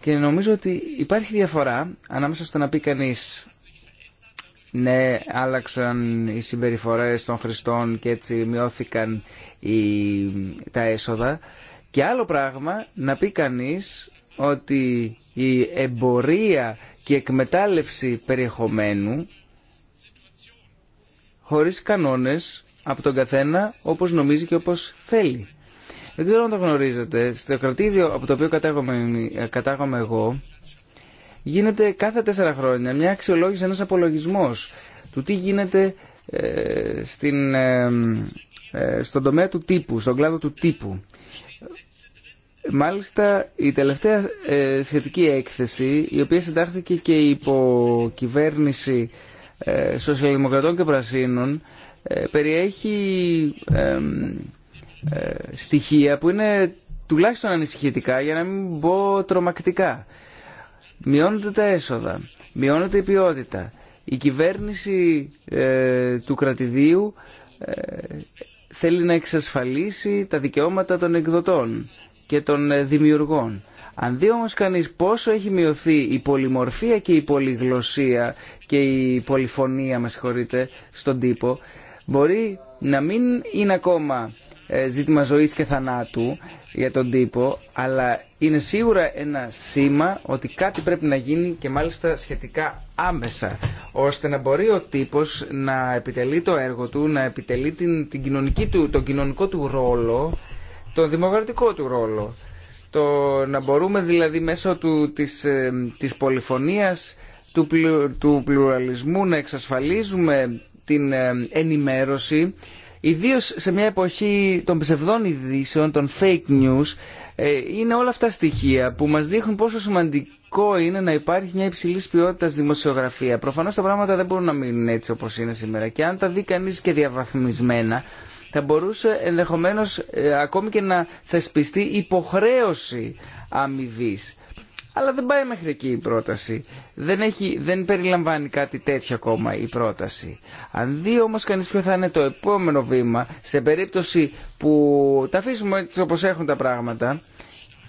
Και νομίζω ότι υπάρχει διαφορά ανάμεσα στο να πει κανείς ναι, άλλαξαν οι συμπεριφορές των χρηστών και έτσι μειώθηκαν οι, τα έσοδα. Και άλλο πράγμα να πει κανείς ότι η εμπορία και εκμετάλλευση περιεχομένου χωρίς κανόνες από τον καθένα όπως νομίζει και όπως θέλει. Δεν ξέρω αν το γνωρίζετε. Στο κρατήριο από το οποίο κατάγομαι, κατάγομαι εγώ γίνεται κάθε τέσσερα χρόνια μια αξιολόγηση, ένας απολογισμός του τι γίνεται ε, στην, ε, ε, στον τομέα του τύπου, στον κλάδο του τύπου. Μάλιστα, η τελευταία σχετική έκθεση, η οποία συντάχθηκε και υπό κυβέρνηση σοσιαλδημοκρατών και πρασίνων, περιέχει στοιχεία που είναι τουλάχιστον ανησυχητικά, για να μην πω τρομακτικά. Μειώνονται τα έσοδα, μειώνεται η ποιότητα. Η κυβέρνηση ε, του κρατηδίου ε, θέλει να εξασφαλίσει τα δικαιώματα των εκδοτών και των ε, δημιουργών. Αν δει όμως κανείς πόσο έχει μειωθεί η πολυμορφία και η πολυγλωσία και η πολυφωνία, με συγχωρείτε, στον τύπο, μπορεί να μην είναι ακόμα ζήτημα ζωής και θανάτου, για τον τύπο, αλλά είναι σίγουρα ένα σήμα ότι κάτι πρέπει να γίνει και μάλιστα σχετικά άμεσα, ώστε να μπορεί ο τύπος να επιτελεί το έργο του, να επιτελεί την, την κοινωνική του, τον κοινωνικό του ρόλο, τον δημοκρατικό του ρόλο. Το να μπορούμε δηλαδή μέσω του, της, ε, της πολυφωνίας, του, του πλουραλισμού να εξασφαλίζουμε την ε, ενημέρωση Ιδίω σε μια εποχή των ψευδών ειδήσεων, των fake news, ε, είναι όλα αυτά στοιχεία που μας δείχνουν πόσο σημαντικό είναι να υπάρχει μια υψηλή ποιότητα δημοσιογραφία. Προφανώς τα πράγματα δεν μπορούν να μείνουν έτσι όπως είναι σήμερα και αν τα δει κανεί και διαβαθμισμένα θα μπορούσε ενδεχομένως ε, ακόμη και να θεσπιστεί υποχρέωση αμοιβή αλλά δεν πάει μέχρι εκεί η πρόταση. Δεν, έχει, δεν περιλαμβάνει κάτι τέτοιο ακόμα η πρόταση. Αν δει όμως κανείς ποιο θα είναι το επόμενο βήμα, σε περίπτωση που τα αφήσουμε έτσι όπως έχουν τα πράγματα,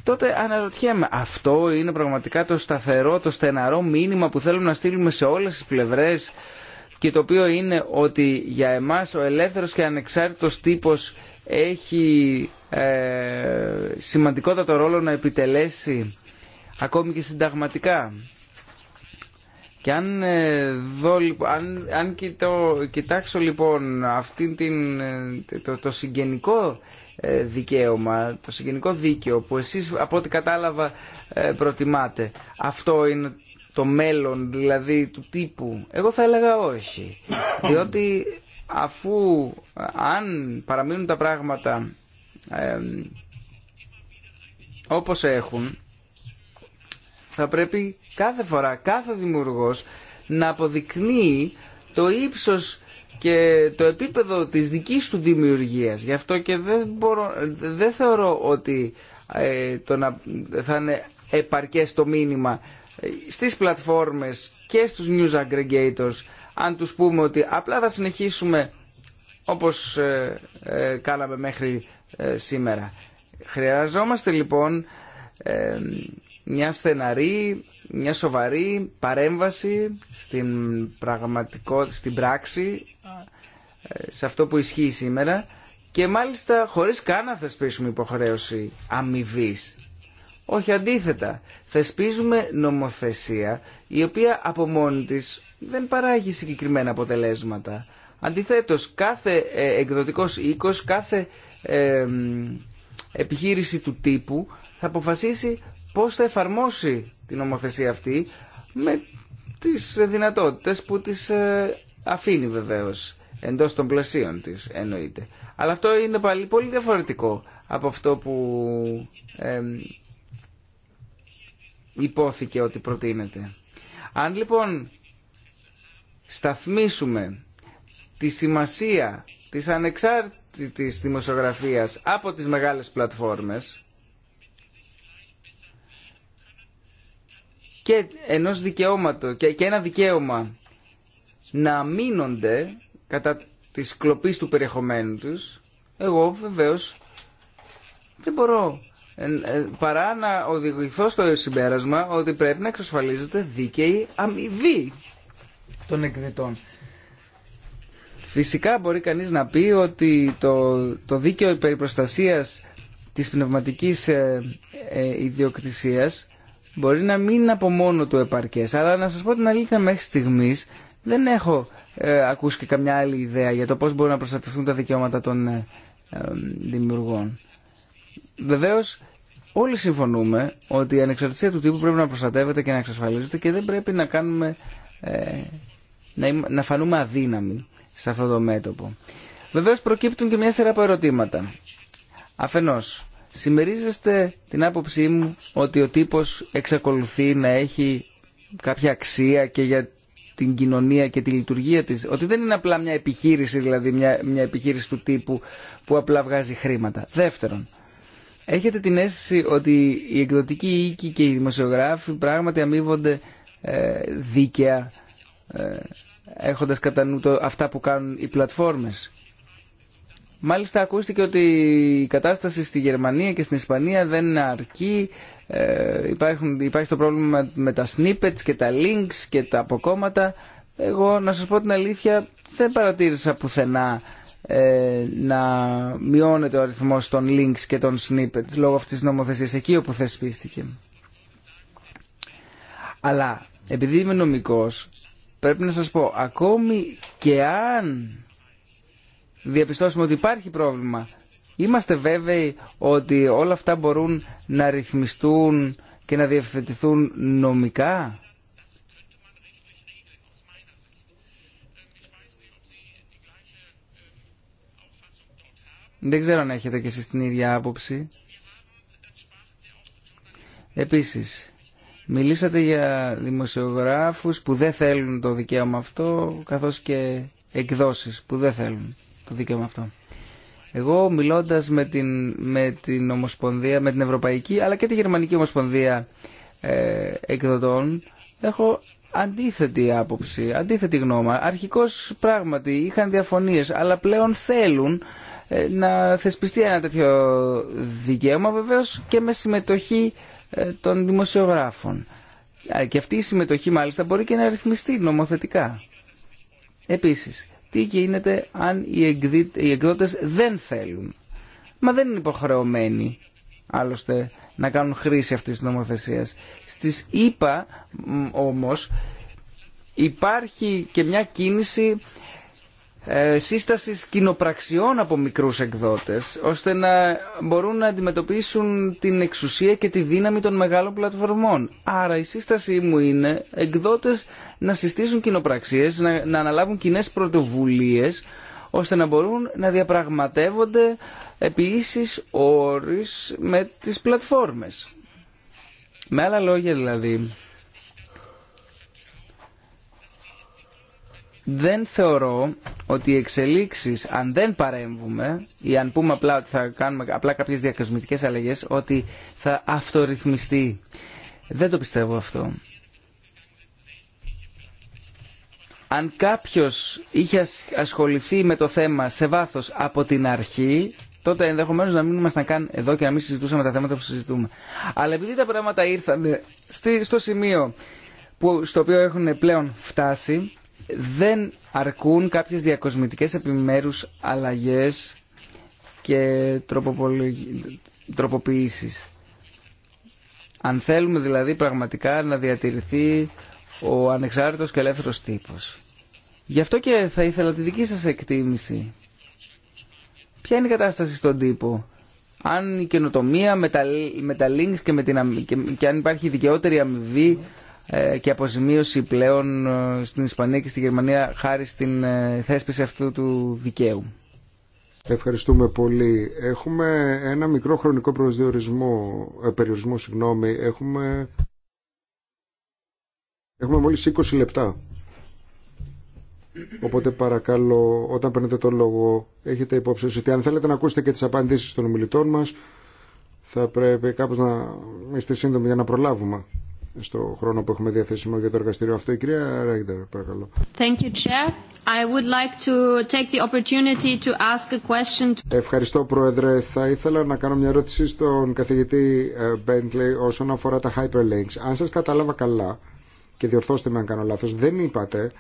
τότε αναρωτιέμαι, αυτό είναι πραγματικά το σταθερό, το στεναρό μήνυμα που θέλουμε να στείλουμε σε όλες τις πλευρές και το οποίο είναι ότι για εμάς ο ελεύθερος και ανεξάρτητος τύπος έχει ε, σημαντικότατο ρόλο να επιτελέσει ακόμη και συνταγματικά. Και αν, ε, αν, αν κοιτάξω λοιπόν αυτή την, ε, το, το συγγενικό ε, δικαίωμα, το συγγενικό δίκαιο που εσείς από ό,τι κατάλαβα προτιμάτε, αυτό είναι το μέλλον δηλαδή του τύπου, εγώ θα έλεγα όχι. Διότι αφού αν παραμείνουν τα πράγματα όπως έχουν, θα πρέπει κάθε φορά, κάθε δημιουργός να αποδεικνύει το ύψος και το επίπεδο της δικής του δημιουργίας. Γι' αυτό και δεν, μπορώ, δεν θεωρώ ότι ε, το να, θα είναι επαρκές το μήνυμα ε, στις πλατφόρμες και στους news aggregators αν τους πούμε ότι απλά θα συνεχίσουμε όπως ε, ε κάναμε μέχρι σήμερα. Χρειαζόμαστε λοιπόν μια στεναρή, μια σοβαρή παρέμβαση στην, πραγματικό, στην πράξη, ε, σε αυτό που ισχύει σήμερα και μάλιστα χωρίς καν να θεσπίσουμε υποχρέωση αμοιβή. Όχι αντίθετα, θεσπίζουμε νομοθεσία η οποία από μόνη της δεν παράγει συγκεκριμένα αποτελέσματα. Αντιθέτως, κάθε ε, εκδοτικός οίκος, κάθε ε, επιχείρηση του τύπου θα αποφασίσει πώς θα εφαρμόσει την νομοθεσία αυτή με τις δυνατότητες που τις ε, αφήνει βεβαίως εντός των πλασίων της εννοείται. Αλλά αυτό είναι πάλι πολύ διαφορετικό από αυτό που υπόθηκε ότι προτείνεται. Αν λοιπόν σταθμίσουμε τη σημασία της ανεξάρτητης δημοσιογραφίας από τις μεγάλες πλατφόρμες και ενός δικαιώματος και, και ένα δικαίωμα να μείνονται κατά της κλοπής του περιεχομένου τους, εγώ βεβαίως δεν μπορώ παρά να οδηγηθώ στο συμπέρασμα ότι πρέπει να εξασφαλίζεται δίκαιη αμοιβή των εκδετών. Φυσικά μπορεί κανείς να πει ότι το, το δίκαιο υπερπροστασίας της πνευματικής ε, ε ιδιοκτησίας Μπορεί να μην είναι από μόνο του επαρκέ, αλλά να σας πω την αλήθεια μέχρι στιγμής δεν έχω ε, ακούσει και καμιά άλλη ιδέα για το πώς μπορούν να προστατευτούν τα δικαιώματα των ε, δημιουργών. Βεβαίως, όλοι συμφωνούμε ότι η ανεξαρτησία του τύπου πρέπει να προστατεύεται και να εξασφαλίζεται και δεν πρέπει να, κάνουμε, ε, να, να φανούμε αδύναμοι σε αυτό το μέτωπο. Βεβαίω, προκύπτουν και μια σειρά από ερωτήματα. Αφενός, Συμμερίζεστε την άποψή μου ότι ο τύπος εξακολουθεί να έχει κάποια αξία και για την κοινωνία και τη λειτουργία της. Ότι δεν είναι απλά μια επιχείρηση, δηλαδή μια, μια επιχείρηση του τύπου που απλά βγάζει χρήματα. Δεύτερον, έχετε την αίσθηση ότι οι εκδοτικοί οίκοι και οι δημοσιογράφοι πράγματι αμείβονται ε, δίκαια ε, έχοντας κατά νου αυτά που κάνουν οι πλατφόρμες. Μάλιστα ακούστηκε ότι η κατάσταση στη Γερμανία και στην Ισπανία δεν αρκεί. Ε, υπάρχουν, υπάρχει το πρόβλημα με τα snippets και τα links και τα αποκόμματα. Εγώ να σας πω την αλήθεια δεν παρατήρησα πουθενά ε, να μειώνεται ο αριθμός των links και των snippets λόγω αυτής της νομοθεσίας εκεί όπου θεσπίστηκε. Αλλά επειδή είμαι νομικός πρέπει να σας πω ακόμη και αν διαπιστώσουμε ότι υπάρχει πρόβλημα, είμαστε βέβαιοι ότι όλα αυτά μπορούν να ρυθμιστούν και να διευθετηθούν νομικά. Δεν ξέρω αν έχετε και εσείς την ίδια άποψη. Επίσης, μιλήσατε για δημοσιογράφους που δεν θέλουν το δικαίωμα αυτό, καθώς και εκδόσεις που δεν θέλουν το δικαίωμα αυτό. Εγώ μιλώντα με την, με την Ομοσπονδία, με την Ευρωπαϊκή αλλά και τη Γερμανική Ομοσπονδία ε, εκδοτών έχω αντίθετη άποψη, αντίθετη γνώμα. Αρχικώ πράγματι είχαν διαφωνίε, αλλά πλέον θέλουν ε, να θεσπιστεί ένα τέτοιο δικαίωμα βεβαίως και με συμμετοχή ε, των δημοσιογράφων. Και αυτή η συμμετοχή μάλιστα μπορεί και να ρυθμιστεί νομοθετικά. Επίσης, τι γίνεται αν οι εκδότες δεν θέλουν. Μα δεν είναι υποχρεωμένοι άλλωστε να κάνουν χρήση αυτής της νομοθεσίας. Στις ΗΠΑ όμως υπάρχει και μια κίνηση ε, σύσταση κοινοπραξιών από μικρούς εκδότες ώστε να μπορούν να αντιμετωπίσουν την εξουσία και τη δύναμη των μεγάλων πλατφορμών. Άρα η σύστασή μου είναι εκδότες να συστήσουν κοινοπραξίε, να, αναλάβουν κοινέ πρωτοβουλίες ώστε να μπορούν να διαπραγματεύονται επί ίσης με τις πλατφόρμες. Με άλλα λόγια δηλαδή, δεν θεωρώ ότι οι εξελίξεις, αν δεν παρέμβουμε ή αν πούμε απλά ότι θα κάνουμε απλά κάποιες διακοσμητικές αλλαγέ, ότι θα αυτορυθμιστεί. Δεν το πιστεύω αυτό. Αν κάποιος είχε ασχοληθεί με το θέμα σε βάθος από την αρχή, τότε ενδεχομένως να μην ήμασταν καν εδώ και να μην συζητούσαμε τα θέματα που συζητούμε. Αλλά επειδή τα πράγματα ήρθαν στο σημείο που, στο οποίο έχουν πλέον φτάσει, δεν αρκούν κάποιες διακοσμητικές επιμέρους αλλαγές και τροποποιήσεις. Αν θέλουμε δηλαδή πραγματικά να διατηρηθεί ο ανεξάρτητος και ελεύθερος τύπος. Γι' αυτό και θα ήθελα τη δική σας εκτίμηση. Ποια είναι η κατάσταση στον τύπο. Αν η καινοτομία με τα, links και, με την, και, και αν υπάρχει δικαιότερη αμοιβή ε, και αποζημίωση πλέον ε, στην Ισπανία και στη Γερμανία χάρη στην ε, θέσπιση αυτού του δικαίου. Ευχαριστούμε πολύ. Έχουμε ένα μικρό χρονικό προσδιορισμό, περιορισμό, συγγνώμη. Έχουμε, έχουμε μόλις 20 λεπτά. Οπότε παρακαλώ, όταν παίρνετε το λόγο, έχετε υπόψη ότι αν θέλετε να ακούσετε και τις απαντήσεις των ομιλητών μας, θα πρέπει κάπως να είστε σύντομοι για να προλάβουμε στο χρόνο που έχουμε διαθέσιμο για το εργαστήριο αυτό. Η κυρία Ράιντερ, παρακαλώ. Ευχαριστώ, Πρόεδρε. Θα ήθελα να κάνω μια ερώτηση στον καθηγητή Μπέντλεϊ όσον αφορά τα hyperlinks. Αν σας κατάλαβα καλά, και διορθώστε με αν κάνω λάθος, δεν είπατε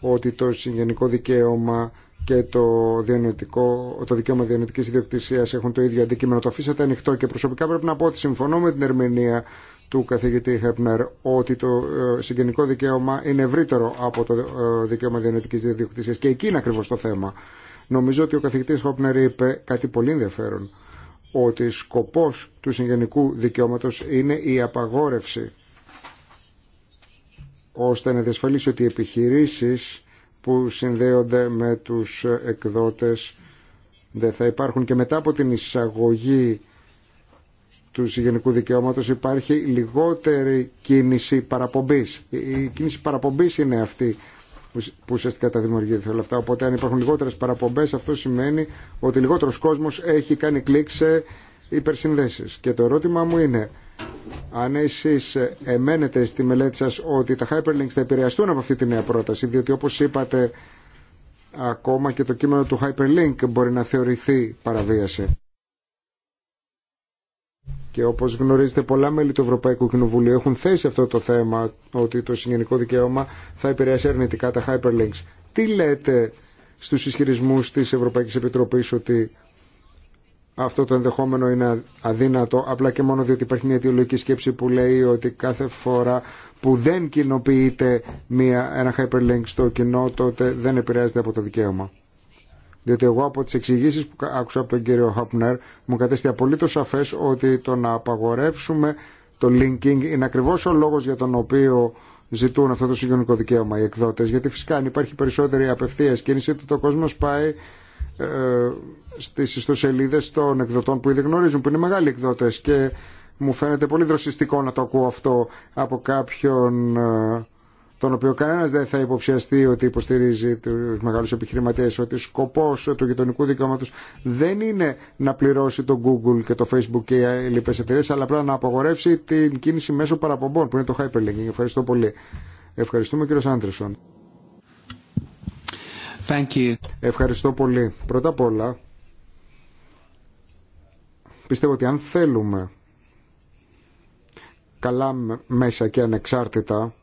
ότι το συγγενικό δικαίωμα και το, το δικαίωμα διανοητικής ιδιοκτησίας έχουν το ίδιο αντικείμενο. Το αφήσατε ανοιχτό και προσωπικά πρέπει να πω ότι συμφωνώ με την ερμηνεία του καθηγητή Χέπνερ ότι το ε, συγγενικό δικαίωμα είναι ευρύτερο από το ε, δικαίωμα διανοητική διαδιοκτησίας και εκεί είναι ακριβώ το θέμα. Νομίζω ότι ο καθηγητής Χεπνερ είπε κάτι πολύ ενδιαφέρον ότι σκοπός του συγγενικού δικαιώματος είναι η απαγόρευση ώστε να διασφαλίσει ότι οι επιχειρήσει που συνδέονται με τους εκδότες δεν θα υπάρχουν και μετά από την εισαγωγή του συγγενικού δικαιώματος υπάρχει λιγότερη κίνηση παραπομπής. Η κίνηση παραπομπής είναι αυτή που ουσιαστικά τα δημιουργείται όλα αυτά. Οπότε αν υπάρχουν λιγότερες παραπομπές αυτό σημαίνει ότι λιγότερος κόσμος έχει κάνει κλικ σε υπερσυνδέσεις. Και το ερώτημα μου είναι αν εσείς εμένετε στη μελέτη σας ότι τα hyperlinks θα επηρεαστούν από αυτή τη νέα πρόταση διότι όπως είπατε ακόμα και το κείμενο του hyperlink μπορεί να θεωρηθεί παραβίαση. Και όπως γνωρίζετε πολλά μέλη του Ευρωπαϊκού Κοινοβουλίου έχουν θέσει αυτό το θέμα ότι το συγγενικό δικαίωμα θα επηρεάσει αρνητικά τα hyperlinks. Τι λέτε στους ισχυρισμού της Ευρωπαϊκής Επιτροπής ότι αυτό το ενδεχόμενο είναι αδύνατο απλά και μόνο διότι υπάρχει μια αιτιολογική σκέψη που λέει ότι κάθε φορά που δεν κοινοποιείται ένα hyperlink στο κοινό τότε δεν επηρεάζεται από το δικαίωμα. Διότι εγώ από τι εξηγήσει που άκουσα από τον κύριο Χαπνέρ μου κατέστη απολύτω σαφές ότι το να απαγορεύσουμε το linking είναι ακριβώ ο λόγο για τον οποίο ζητούν αυτό το συγγενικό δικαίωμα οι εκδότε, Γιατί φυσικά αν υπάρχει περισσότερη απευθεία κίνηση το κόσμο πάει ε, στις ιστοσελίδες των εκδοτών που ήδη γνωρίζουν που είναι μεγάλοι εκδότε. και μου φαίνεται πολύ δροσιστικό να το ακούω αυτό από κάποιον ε, τον οποίο κανένα δεν θα υποψιαστεί ότι υποστηρίζει του μεγάλου επιχειρηματίε, ότι σκοπό του γειτονικού δικαιώματο δεν είναι να πληρώσει το Google και το Facebook και οι λοιπέ εταιρείε, αλλά απλά να απογορεύσει την κίνηση μέσω παραπομπών, που είναι το hyperlinking. Ευχαριστώ πολύ. Ευχαριστούμε, κύριο Άντρεσον. Ευχαριστώ πολύ. Πρώτα απ' όλα, πιστεύω ότι αν θέλουμε καλά μέσα και ανεξάρτητα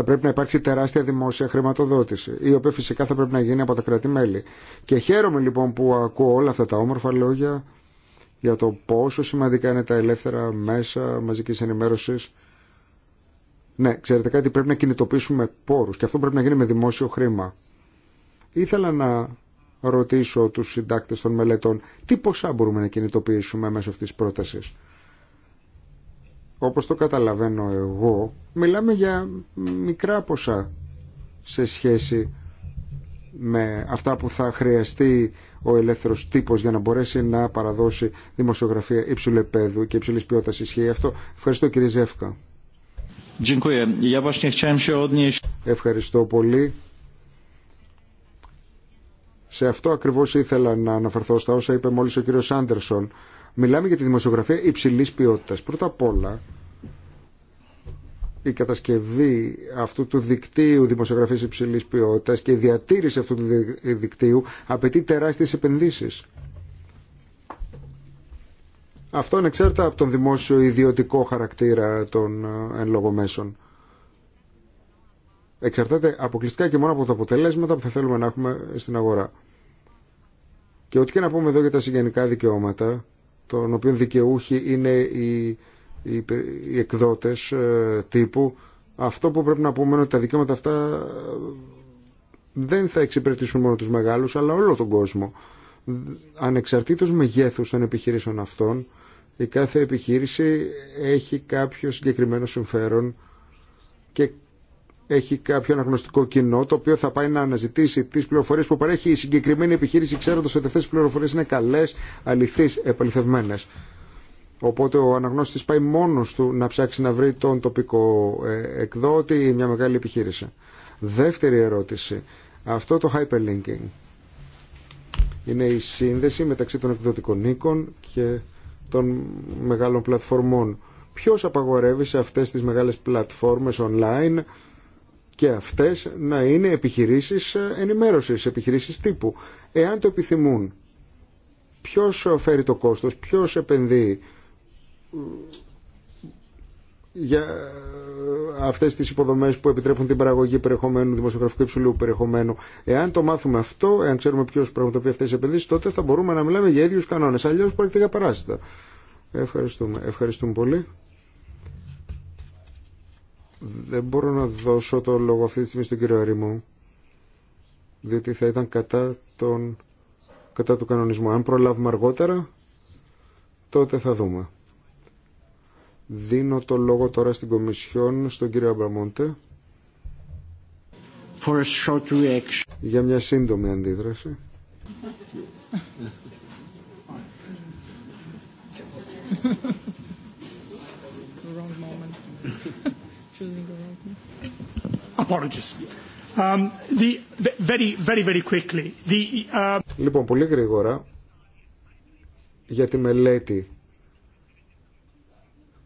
θα πρέπει να υπάρξει τεράστια δημόσια χρηματοδότηση, η οποία φυσικά θα πρέπει να γίνει από τα κράτη-μέλη. Και χαίρομαι λοιπόν που ακούω όλα αυτά τα όμορφα λόγια για το πόσο σημαντικά είναι τα ελεύθερα μέσα μαζικής ενημέρωσης. Ναι, ξέρετε κάτι, πρέπει να κινητοποιήσουμε πόρους και αυτό πρέπει να γίνει με δημόσιο χρήμα. Ήθελα να ρωτήσω τους συντάκτες των μελετών τι ποσά μπορούμε να κινητοποιήσουμε μέσω αυτής της πρότασης όπως το καταλαβαίνω εγώ, μιλάμε για μικρά ποσά σε σχέση με αυτά που θα χρειαστεί ο ελεύθερος τύπος για να μπορέσει να παραδώσει δημοσιογραφία υψηλού επέδου και υψηλής ποιότητας ισχύει αυτό. Ευχαριστώ κύριε Ζεύκα. Ευχαριστώ πολύ. Σε αυτό ακριβώς ήθελα να αναφερθώ στα όσα είπε μόλις ο κύριος Άντερσον Μιλάμε για τη δημοσιογραφία υψηλή ποιότητα. Πρώτα απ' όλα, η κατασκευή αυτού του δικτύου δημοσιογραφία υψηλή ποιότητα και η διατήρηση αυτού του δικτύου απαιτεί τεράστιε επενδύσει. Αυτό ανεξάρτητα από τον δημόσιο ιδιωτικό χαρακτήρα των ε, εν λόγω μέσων. Εξαρτάται αποκλειστικά και μόνο από τα αποτελέσματα που θα θέλουμε να έχουμε στην αγορά. Και ό,τι και να πούμε εδώ για τα συγγενικά δικαιώματα, των οποίων δικαιούχοι είναι οι, οι, εκδότες ε, τύπου. Αυτό που πρέπει να πούμε είναι ότι τα δικαιώματα αυτά ε, δεν θα εξυπηρετήσουν μόνο τους μεγάλους, αλλά όλο τον κόσμο. Ανεξαρτήτως μεγέθους των επιχειρήσεων αυτών, η κάθε επιχείρηση έχει κάποιο συγκεκριμένο συμφέρον και έχει κάποιο αναγνωστικό κοινό το οποίο θα πάει να αναζητήσει τι πληροφορίε που παρέχει η συγκεκριμένη επιχείρηση ξέροντα ότι αυτέ τι πληροφορίε είναι καλέ, αληθεί, επαληθευμένε. Οπότε ο αναγνώστης πάει μόνο του να ψάξει να βρει τον τοπικό ε, εκδότη ή μια μεγάλη επιχείρηση. Δεύτερη ερώτηση. Αυτό το hyperlinking είναι η σύνδεση μεταξύ των εκδοτικών οίκων και των μεγάλων πλατφορμών. Ποιος απαγορεύει σε αυτές τις μεγάλες πλατφόρμες online και αυτές να είναι επιχειρήσεις ενημέρωσης, επιχειρήσεις τύπου. Εάν το επιθυμούν, ποιος φέρει το κόστος, ποιος επενδύει για αυτές τις υποδομές που επιτρέπουν την παραγωγή περιεχομένου, δημοσιογραφικού υψηλού περιεχομένου. Εάν το μάθουμε αυτό, εάν ξέρουμε ποιο πραγματοποιεί αυτές τις επενδύσεις, τότε θα μπορούμε να μιλάμε για ίδιους κανόνες. Αλλιώς πρόκειται για Ευχαριστούμε. Ευχαριστούμε πολύ. Δεν μπορώ να δώσω το λόγο αυτή τη στιγμή στον κύριο Αριμό, διότι θα ήταν κατά, τον, κατά του κανονισμού. Αν προλάβουμε αργότερα, τότε θα δούμε. Δίνω το λόγο τώρα στην Κομισιόν, στον κύριο Αμπραμόντε. Για μια σύντομη αντίδραση. <laughs> <laughs> Λοιπόν, πολύ γρήγορα για τη μελέτη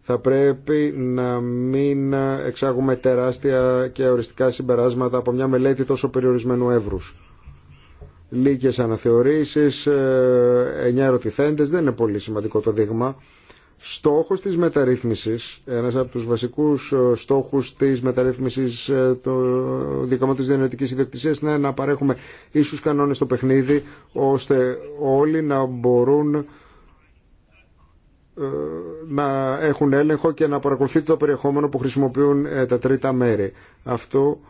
θα πρέπει να μην εξάγουμε τεράστια και οριστικά συμπεράσματα από μια μελέτη τόσο περιορισμένου εύρους. Λίγες αναθεωρήσεις, ε, εννιά ερωτηθέντες, δεν είναι πολύ σημαντικό το δείγμα. Στόχος της μεταρρύθμισης, ένας από τους βασικούς ε, στόχους της μεταρρύθμισης ε, του δικαιώματο της διανοητικής ιδιοκτησίας είναι να παρέχουμε ίσους κανόνες στο παιχνίδι ώστε όλοι να μπορούν ε, να έχουν έλεγχο και να παρακολουθεί το περιεχόμενο που χρησιμοποιούν τα τρίτα μέρη. Αυτό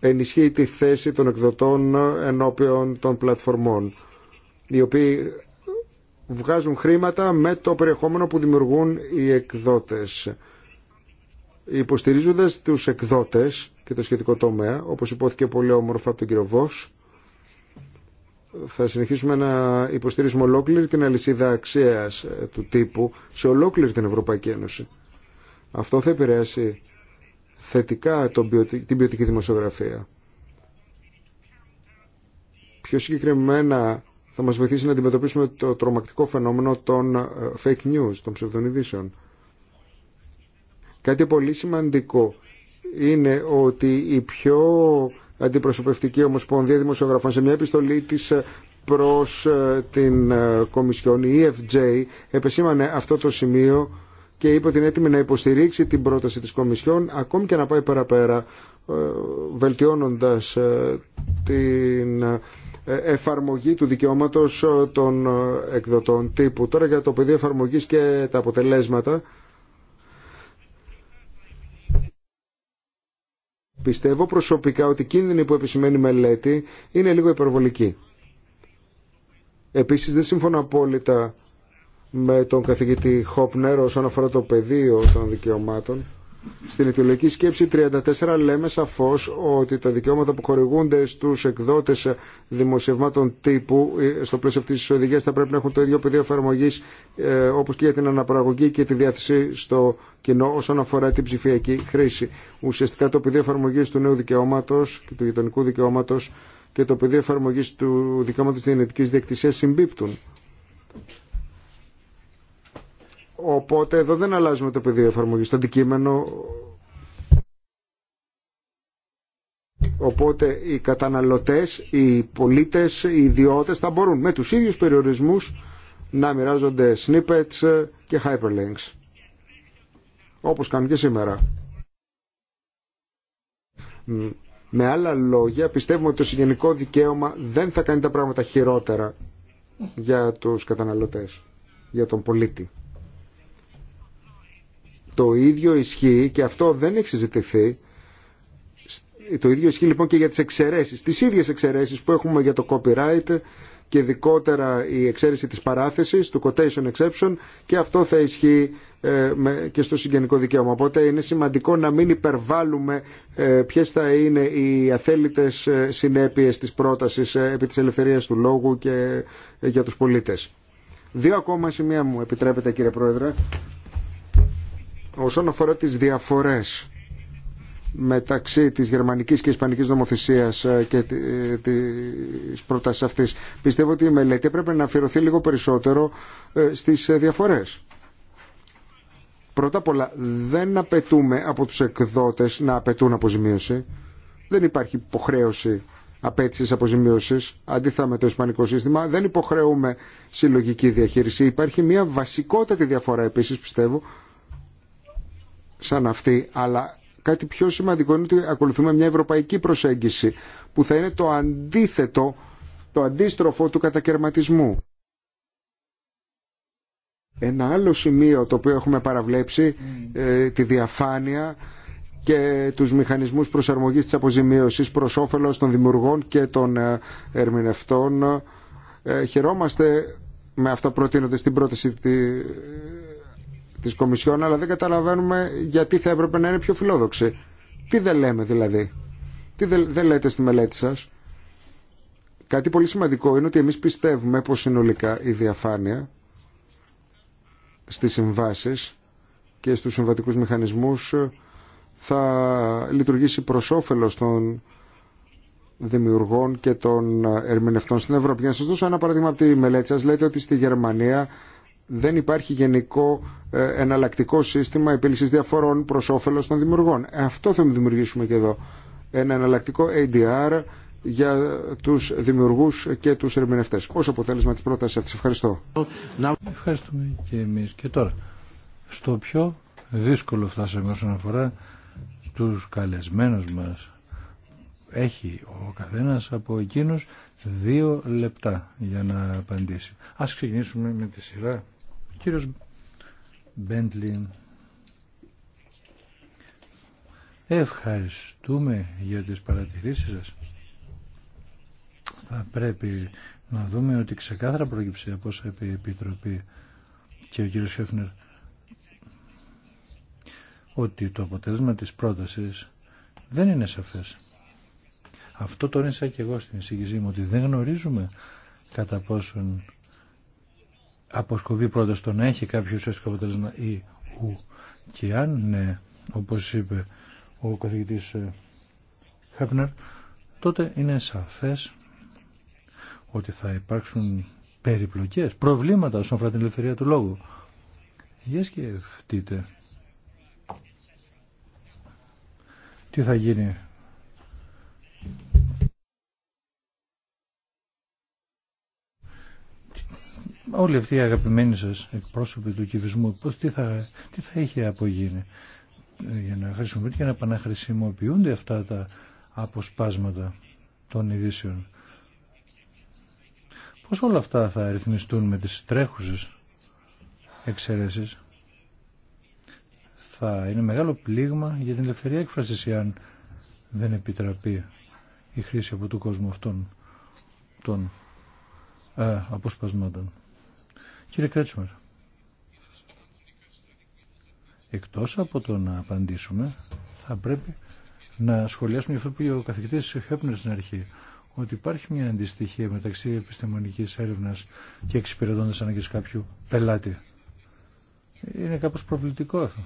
ενισχύει τη θέση των εκδοτών ενώπιον των πλατφορμών οι βγάζουν χρήματα με το περιεχόμενο που δημιουργούν οι εκδότες. Υποστηρίζοντας τους εκδότες και το σχετικό τομέα, όπως υπόθηκε πολύ όμορφα από τον κύριο Βος, θα συνεχίσουμε να υποστηρίζουμε ολόκληρη την αλυσίδα αξίας ε, του τύπου σε ολόκληρη την Ευρωπαϊκή Ένωση. Αυτό θα επηρεάσει θετικά την ποιοτική δημοσιογραφία. Πιο συγκεκριμένα θα μας βοηθήσει να αντιμετωπίσουμε το τρομακτικό φαινόμενο των ε, fake news, των ψευδών Κάτι πολύ σημαντικό είναι ότι η πιο αντιπροσωπευτική ομοσπονδία δημοσιογραφών σε μια επιστολή της ε, προς ε, την Κομισιόν, η EFJ, επεσήμανε αυτό το σημείο και είπε ότι είναι έτοιμη να υποστηρίξει την πρόταση της Κομισιόν ακόμη και να πάει παραπέρα βελτιώνοντας την ε, εφαρμογή του δικαιώματος ε, των ε, εκδοτών τύπου. Τώρα για το πεδίο εφαρμογής και τα αποτελέσματα. Πιστεύω προσωπικά ότι η κίνδυνη που επισημαίνει η μελέτη είναι λίγο υπερβολική. Επίσης δεν συμφωνώ απόλυτα με τον καθηγητή Χόπνερ όσον αφορά το πεδίο των δικαιωμάτων. Στην αιτιολογική σκέψη 34 λέμε σαφω ότι τα δικαιώματα που χορηγούνται στους εκδότε δημοσιευμάτων τύπου ε, στο πλαίσιο αυτή τη οδηγία, θα πρέπει να έχουν το ίδιο πεδίο εφαρμογή ε, όπως και για την αναπαραγωγή και τη διάθεση στο κοινό όσον αφορά την ψηφιακή χρήση. Ουσιαστικά το πεδίο εφαρμογή του νέου δικαιώματο και του γειτονικού δικαιώματο και το πεδίο εφαρμογή του δικαιώματο τη διανοητικής διεκτησία συμπίπτουν. Οπότε εδώ δεν αλλάζουμε το πεδίο εφαρμογή το αντικείμενο. Οπότε οι καταναλωτές, οι πολίτες, οι ιδιώτες θα μπορούν με τους ίδιους περιορισμούς να μοιράζονται snippets και hyperlinks. Όπως κάνουν και σήμερα. Με άλλα λόγια, πιστεύουμε ότι το συγγενικό δικαίωμα δεν θα κάνει τα πράγματα χειρότερα για τους καταναλωτές, για τον πολίτη. Το ίδιο ισχύει και αυτό δεν έχει συζητηθεί. Το ίδιο ισχύει λοιπόν και για τις εξαιρέσεις. Τις ίδιες εξαιρέσεις που έχουμε για το copyright και ειδικότερα η εξαίρεση της παράθεσης, του quotation exception και αυτό θα ισχύει ε, και στο συγγενικό δικαίωμα. Οπότε είναι σημαντικό να μην υπερβάλλουμε ε, ποιες θα είναι οι αθέλητες ε, συνέπειες της πρότασης επί της ελευθερίας του λόγου και για τους πολίτες. Δύο ακόμα σημεία μου επιτρέπετε κύριε Πρόεδρε. Όσον αφορά τις διαφορές μεταξύ της γερμανικής και ισπανικής νομοθεσίας ε, και ε, της πρότασης αυτής, πιστεύω ότι η μελέτη έπρεπε να αφιερωθεί λίγο περισσότερο ε, στις διαφορές. Πρώτα απ' όλα, δεν απαιτούμε από τους εκδότες να απαιτούν αποζημίωση. Δεν υπάρχει υποχρέωση απέτηση αποζημίωση, αντίθετα με το ισπανικό σύστημα, δεν υποχρεούμε συλλογική διαχείριση. Υπάρχει μια βασικότατη διαφορά επίση, πιστεύω, σαν αυτή, αλλά κάτι πιο σημαντικό είναι ότι ακολουθούμε μια ευρωπαϊκή προσέγγιση που θα είναι το αντίθετο, το αντίστροφο του κατακαιρματισμού. Ένα άλλο σημείο το οποίο έχουμε παραβλέψει, ε, τη διαφάνεια και τους μηχανισμούς προσαρμογής της αποζημίωσης προς όφελος των δημιουργών και των ε, ερμηνευτών. Ε, χαιρόμαστε με αυτά προτείνονται στην πρόταση Τη Κομισιόν, αλλά δεν καταλαβαίνουμε γιατί θα έπρεπε να είναι πιο φιλόδοξη. Τι δεν λέμε δηλαδή. Τι δεν λέτε στη μελέτη σας. Κάτι πολύ σημαντικό είναι ότι εμείς πιστεύουμε πω συνολικά η διαφάνεια στις συμβάσει και στους συμβατικούς μηχανισμούς θα λειτουργήσει προ όφελο των δημιουργών και των ερμηνευτών στην Ευρώπη. Για να σας δώσω ένα παράδειγμα από τη μελέτη σα λέτε ότι στη Γερμανία δεν υπάρχει γενικό ε, εναλλακτικό σύστημα επίλυσης διαφορών προς όφελος των δημιουργών. Ε, αυτό θα δημιουργήσουμε και εδώ. Ένα εναλλακτικό ADR για τους δημιουργούς και τους ερμηνευτές. Ως αποτέλεσμα της πρότασης αυτής. Ευχαριστώ. Ευχαριστούμε και εμείς. Και τώρα, στο πιο δύσκολο φτάσαμε όσον αφορά τους καλεσμένους μας. Έχει ο καθένας από εκείνους δύο λεπτά για να απαντήσει. Ας ξεκινήσουμε με τη σειρά Κύριος Μπέντλιν, ευχαριστούμε για τις παρατηρήσεις σας. Θα πρέπει να δούμε ότι ξεκάθαρα πρόκειται από όσα είπε η Επιτροπή και ο κύριος Σιόφνερ ότι το αποτέλεσμα της πρότασης δεν είναι σαφές. Αυτό τόνισα και εγώ στην εισηγησή μου ότι δεν γνωρίζουμε κατά πόσον αποσκοπεί πρώτα στο να έχει κάποιο ουσιαστικό αποτέλεσμα ή ου. Και αν, ναι, όπως είπε ο καθηγητής ε, Χέπνερ, τότε είναι σαφές ότι θα υπάρξουν περιπλοκές, προβλήματα όσον αφορά την ελευθερία του λόγου. Για σκεφτείτε τι θα γίνει όλοι αυτοί οι αγαπημένοι σας εκπρόσωποι του κυβισμού, πώς, τι, θα, τι θα είχε απογίνει για να χρησιμοποιούνται και να επαναχρησιμοποιούνται αυτά τα αποσπάσματα των ειδήσεων. Πώς όλα αυτά θα ρυθμιστούν με τις τρέχουσες εξαιρέσεις. Θα είναι μεγάλο πλήγμα για την ελευθερία έκφραση αν δεν επιτραπεί η χρήση από τον κόσμο αυτών των ε, αποσπασμάτων. Κύριε Κρέτσμερ, εκτός από το να απαντήσουμε, θα πρέπει να σχολιάσουμε αυτό που είπε ο καθηγητής Χέπνερ στην αρχή, ότι υπάρχει μια αντιστοιχία μεταξύ επιστημονικής έρευνας και εξυπηρετώντας ανάγκες κάποιου πελάτη. Είναι κάπως προβλητικό αυτό.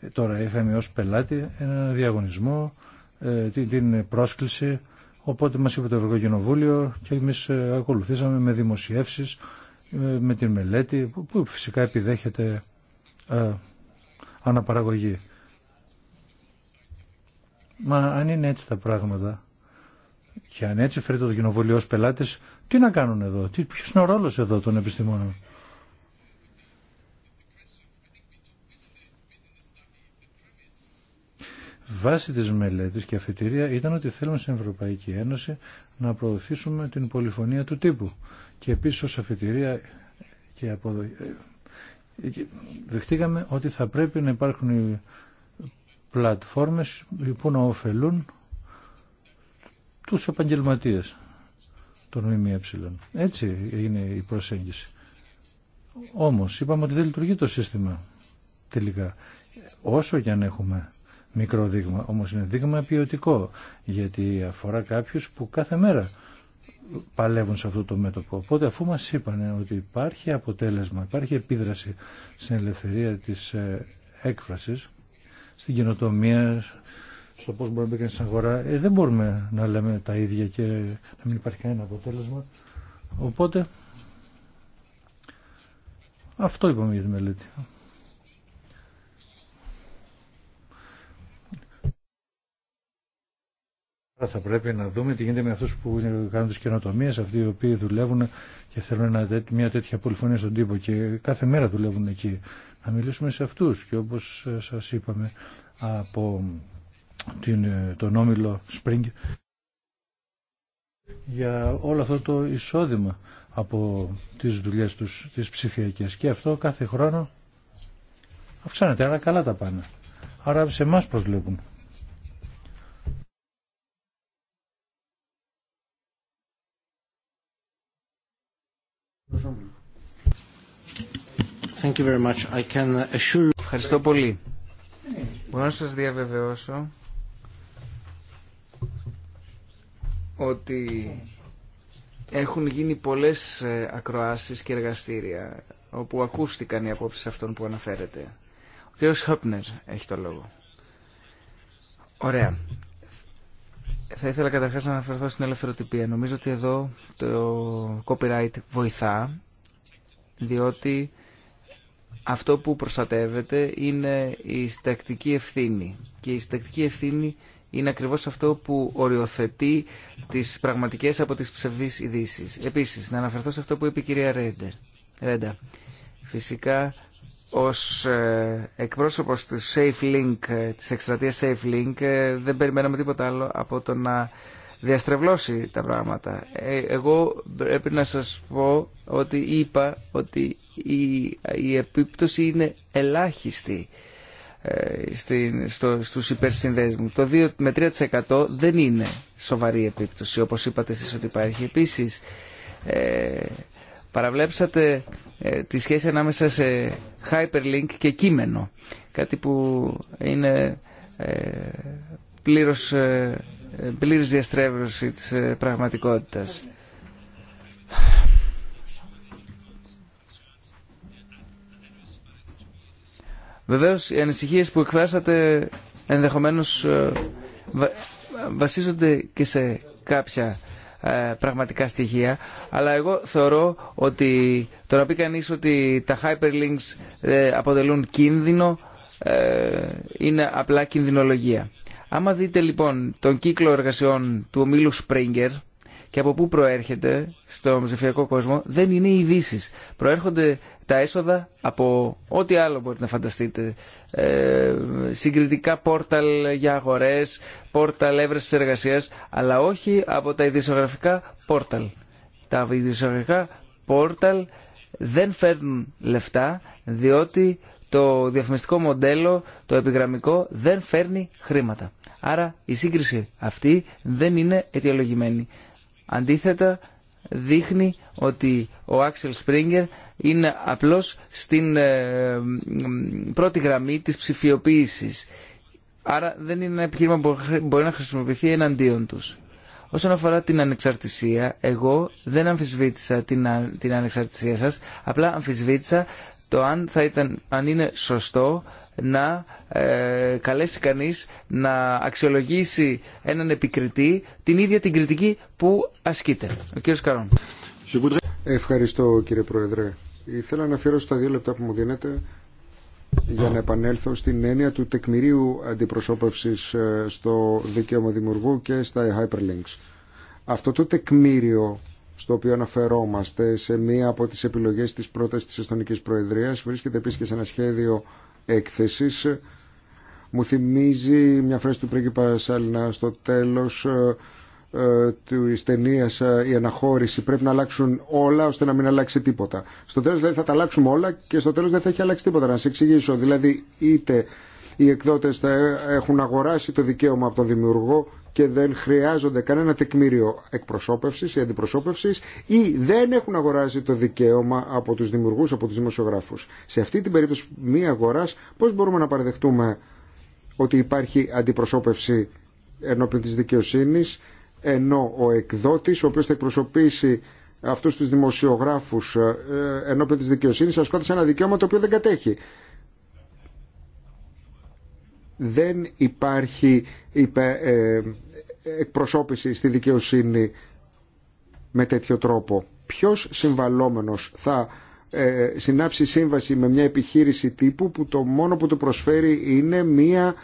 Ε, τώρα είχαμε ως πελάτη έναν διαγωνισμό, ε, την, την πρόσκληση, οπότε μας είπε το Ευρωκοινοβούλιο και εμείς ε, ακολουθήσαμε με δημοσιεύσεις ε, με την μελέτη που φυσικά επιδέχεται ε, αναπαραγωγή. Μα αν είναι έτσι τα πράγματα και αν έτσι φέρει το κοινοβούλιο ως πελάτης, τι να κάνουν εδώ, τι, ποιος είναι ο ρόλος εδώ των επιστημόνων. βάση της μελέτης και αφετηρία ήταν ότι θέλουμε στην Ευρωπαϊκή Ένωση να προωθήσουμε την πολυφωνία του τύπου. Και επίσης ως αφετηρία και αποδο... Ε, δεχτήκαμε ότι θα πρέπει να υπάρχουν πλατφόρμες που να ωφελούν τους επαγγελματίες των ΜΜΕ. Έτσι είναι η προσέγγιση. Όμως είπαμε ότι δεν λειτουργεί το σύστημα τελικά. Όσο και αν έχουμε μικρό δείγμα, όμως είναι δείγμα ποιοτικό, γιατί αφορά κάποιους που κάθε μέρα παλεύουν σε αυτό το μέτωπο. Οπότε αφού μας είπαν ότι υπάρχει αποτέλεσμα, υπάρχει επίδραση στην ελευθερία της ε, έκφρασης, στην καινοτομία, στο πώς μπορεί να μπει στην αγορά, ε, δεν μπορούμε να λέμε τα ίδια και να μην υπάρχει κανένα αποτέλεσμα. Οπότε, αυτό είπαμε για τη μελέτη. Θα πρέπει να δούμε τι γίνεται με αυτούς που κάνουν τις καινοτομίε, αυτοί οι οποίοι δουλεύουν και θέλουν μια τέτοια πολυφωνία στον τύπο και κάθε μέρα δουλεύουν εκεί. Να μιλήσουμε σε αυτούς και όπως ε, σας είπαμε από την, ε, τον όμιλο Spring για όλο αυτό το εισόδημα από τις δουλειές τους, τις ψηφιακές. Και αυτό κάθε χρόνο αυξάνεται, άρα καλά τα πάνε. Άρα σε εμά προσβλέπουν. Ευχαριστώ πολύ. Μπορώ να σας διαβεβαιώσω ότι έχουν γίνει πολλές ε, ακροάσεις και εργαστήρια όπου ακούστηκαν οι απόψεις αυτών που αναφέρεται. Ο κ. Χόπνερ έχει το λόγο. Ωραία. Θα ήθελα καταρχάς να αναφερθώ στην ελευθεροτυπία. Νομίζω ότι εδώ το copyright βοηθά, διότι αυτό που προστατεύεται είναι η συντακτική ευθύνη. Και η συντακτική ευθύνη είναι ακριβώς αυτό που οριοθετεί τις πραγματικές από τις ψευδείς ειδήσει. Επίσης, να αναφερθώ σε αυτό που είπε η κυρία Ρέντα. Φυσικά, ως ε, εκπρόσωπος του Safe Link, ε, της εκστρατείας Safe Link ε, δεν περιμέναμε τίποτα άλλο από το να διαστρεβλώσει τα πράγματα. εγώ πρέπει να σας πω ότι είπα ότι η, επίπτωση είναι ελάχιστη ε, στην, στους υπερσυνδέσμους. Το 2 με 3% δεν είναι σοβαρή επίπτωση όπως είπατε εσείς ότι υπάρχει. Επίσης Παραβλέψατε ε, τη σχέση ανάμεσα σε hyperlink και κείμενο. Κάτι που είναι ε, πλήρως, ε, διαστρέβλωση της ε, πραγματικότητας. Βεβαίως οι ανησυχίες που εκφράσατε ενδεχομένως ε, βασίζονται και σε κάποια ε, πραγματικά στοιχεία. Αλλά εγώ θεωρώ ότι το να πει κανεί ότι τα hyperlinks ε, αποτελούν κίνδυνο ε, είναι απλά κινδυνολογία. Άμα δείτε λοιπόν τον κύκλο εργασιών του ομίλου Springer και από πού προέρχεται στο ψηφιακό κόσμο, δεν είναι ειδήσει. Προέρχονται τα έσοδα από ό,τι άλλο μπορείτε να φανταστείτε. Ε, συγκριτικά πόρταλ για αγορές, πόρταλ έβρεση εργασία, αλλά όχι από τα ειδησογραφικά πόρταλ. Τα ειδησογραφικά πόρταλ δεν φέρνουν λεφτά, διότι το διαφημιστικό μοντέλο, το επιγραμμικό, δεν φέρνει χρήματα. Άρα η σύγκριση αυτή δεν είναι αιτιολογημένη. Αντίθετα, δείχνει ότι ο Άξελ Σπρίγκερ είναι απλώς στην ε, πρώτη γραμμή της ψηφιοποίησης Άρα δεν είναι ένα επιχείρημα που μπορεί να χρησιμοποιηθεί εναντίον του. Όσον αφορά την ανεξαρτησία, εγώ δεν αμφισβήτησα την, την ανεξαρτησία σας, απλά αμφισβήτησα το αν, θα ήταν, αν είναι σωστό να ε, καλέσει κανείς να αξιολογήσει έναν επικριτή την ίδια την κριτική που ασκείται. Ο κύριος Καρόν. Ευχαριστώ κύριε Πρόεδρε. Ήθελα να αφιερώσω τα δύο λεπτά που μου δίνετε για να επανέλθω στην έννοια του τεκμηρίου αντιπροσώπευσης ε, στο δικαίωμα δημιουργού και στα hyperlinks. Αυτό το τεκμήριο στο οποίο αναφερόμαστε σε μία από τις επιλογές της πρώτας της Εστονικής Προεδρίας βρίσκεται επίσης και σε ένα σχέδιο έκθεσης μου θυμίζει μια φράση του πρίγκιπα Σάλινα στο τέλος ε, ε, τη ταινία ε, η αναχώρηση πρέπει να αλλάξουν όλα ώστε να μην αλλάξει τίποτα. Στο τέλο δηλαδή θα τα αλλάξουμε όλα και στο τέλο δεν θα έχει αλλάξει τίποτα. Να σα εξηγήσω. Δηλαδή είτε οι εκδότε θα έχουν αγοράσει το δικαίωμα από τον δημιουργό και δεν χρειάζονται κανένα τεκμήριο εκπροσώπευση ή αντιπροσώπευση ή δεν έχουν αγοράσει το δικαίωμα από του δημιουργού, από του δημοσιογράφου. Σε αυτή την περίπτωση μία αγορά πώ μπορούμε να παραδεχτούμε ότι υπάρχει αντιπροσώπευση ενώπιον της δικαιοσύνης ενώ ο εκδότης ο οποίος θα εκπροσωπήσει αυτούς τους δημοσιογράφους ε, ε, ενώπιον της δικαιοσύνης σε ένα δικαίωμα το οποίο δεν κατέχει. Δεν υπάρχει ε, εκπροσώπηση στη δικαιοσύνη με τέτοιο τρόπο. Ποιος συμβαλόμενος θα συνάψει σύμβαση με μια επιχείρηση τύπου που το μόνο που του προσφέρει είναι μια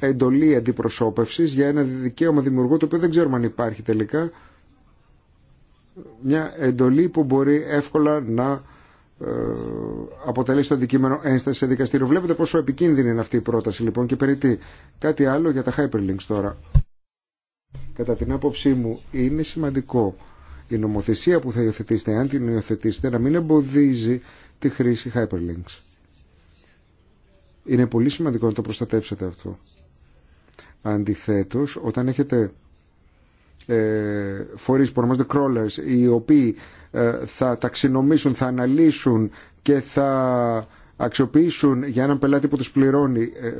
εντολή αντιπροσωπευση για ένα δικαίωμα δημιουργού το οποίο δεν ξέρουμε αν υπάρχει τελικά μια εντολή που μπορεί εύκολα να ε, αποτελέσει το αντικείμενο ένσταση σε δικαστήριο. Βλέπετε πόσο επικίνδυνη είναι αυτή η πρόταση λοιπόν και περί τι. Κάτι άλλο για τα hyperlinks τώρα. Κατά την άποψή μου είναι σημαντικό η νομοθεσία που θα υιοθετήσετε, αν την υιοθετήσετε, να μην εμποδίζει τη χρήση hyperlinks. Είναι πολύ σημαντικό να το προστατεύσετε αυτό. Αντιθέτως, όταν έχετε ε, φορείς που ονομάζονται crawlers, οι οποίοι ε, θα ταξινομήσουν, θα αναλύσουν και θα αξιοποιήσουν για έναν πελάτη που τους πληρώνει ε,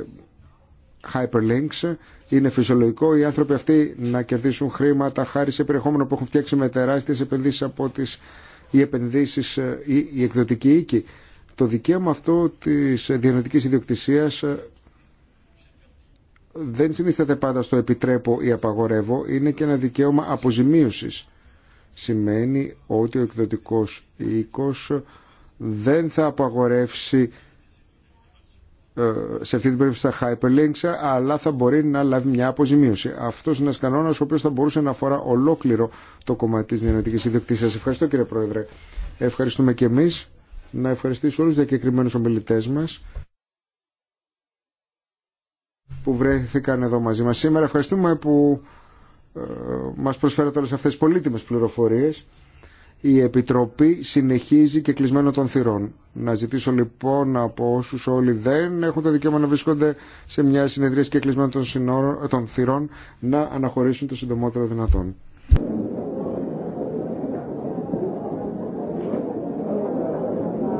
hyperlinks, είναι φυσιολογικό οι άνθρωποι αυτοί να κερδίσουν χρήματα χάρη σε περιεχόμενο που έχουν φτιάξει με τεράστιες επενδύσεις από τις οι επενδύσεις, η, ε, εκδοτική οίκη. Το δικαίωμα αυτό της διανοητικής ιδιοκτησίας δεν συνίσταται πάντα στο επιτρέπω ή απαγορεύω, είναι και ένα δικαίωμα αποζημίωσης. Σημαίνει ότι ο εκδοτικός οίκος δεν θα απαγορεύσει ε, σε αυτή την περίπτωση τα hyperlinks, αλλά θα μπορεί να λάβει μια αποζημίωση. Αυτό είναι ένα κανόνα ο οποίο θα μπορούσε να αφορά ολόκληρο το κομμάτι τη διανοητική ιδιοκτησία. Ευχαριστώ κύριε Πρόεδρε. Ευχαριστούμε και εμεί. Να ευχαριστήσω όλου του διακεκριμένου ομιλητέ μα που βρέθηκαν εδώ μαζί μας σήμερα. Ευχαριστούμε που ε, μας προσφέρατε όλες αυτές τις πολύτιμες πληροφορίες. Η Επιτροπή συνεχίζει και κλεισμένο των θυρών. Να ζητήσω λοιπόν από όσους όλοι δεν έχουν το δικαίωμα να βρίσκονται σε μια συνεδρία και κλεισμένο των, των θυρών να αναχωρήσουν το συντομότερο δυνατόν.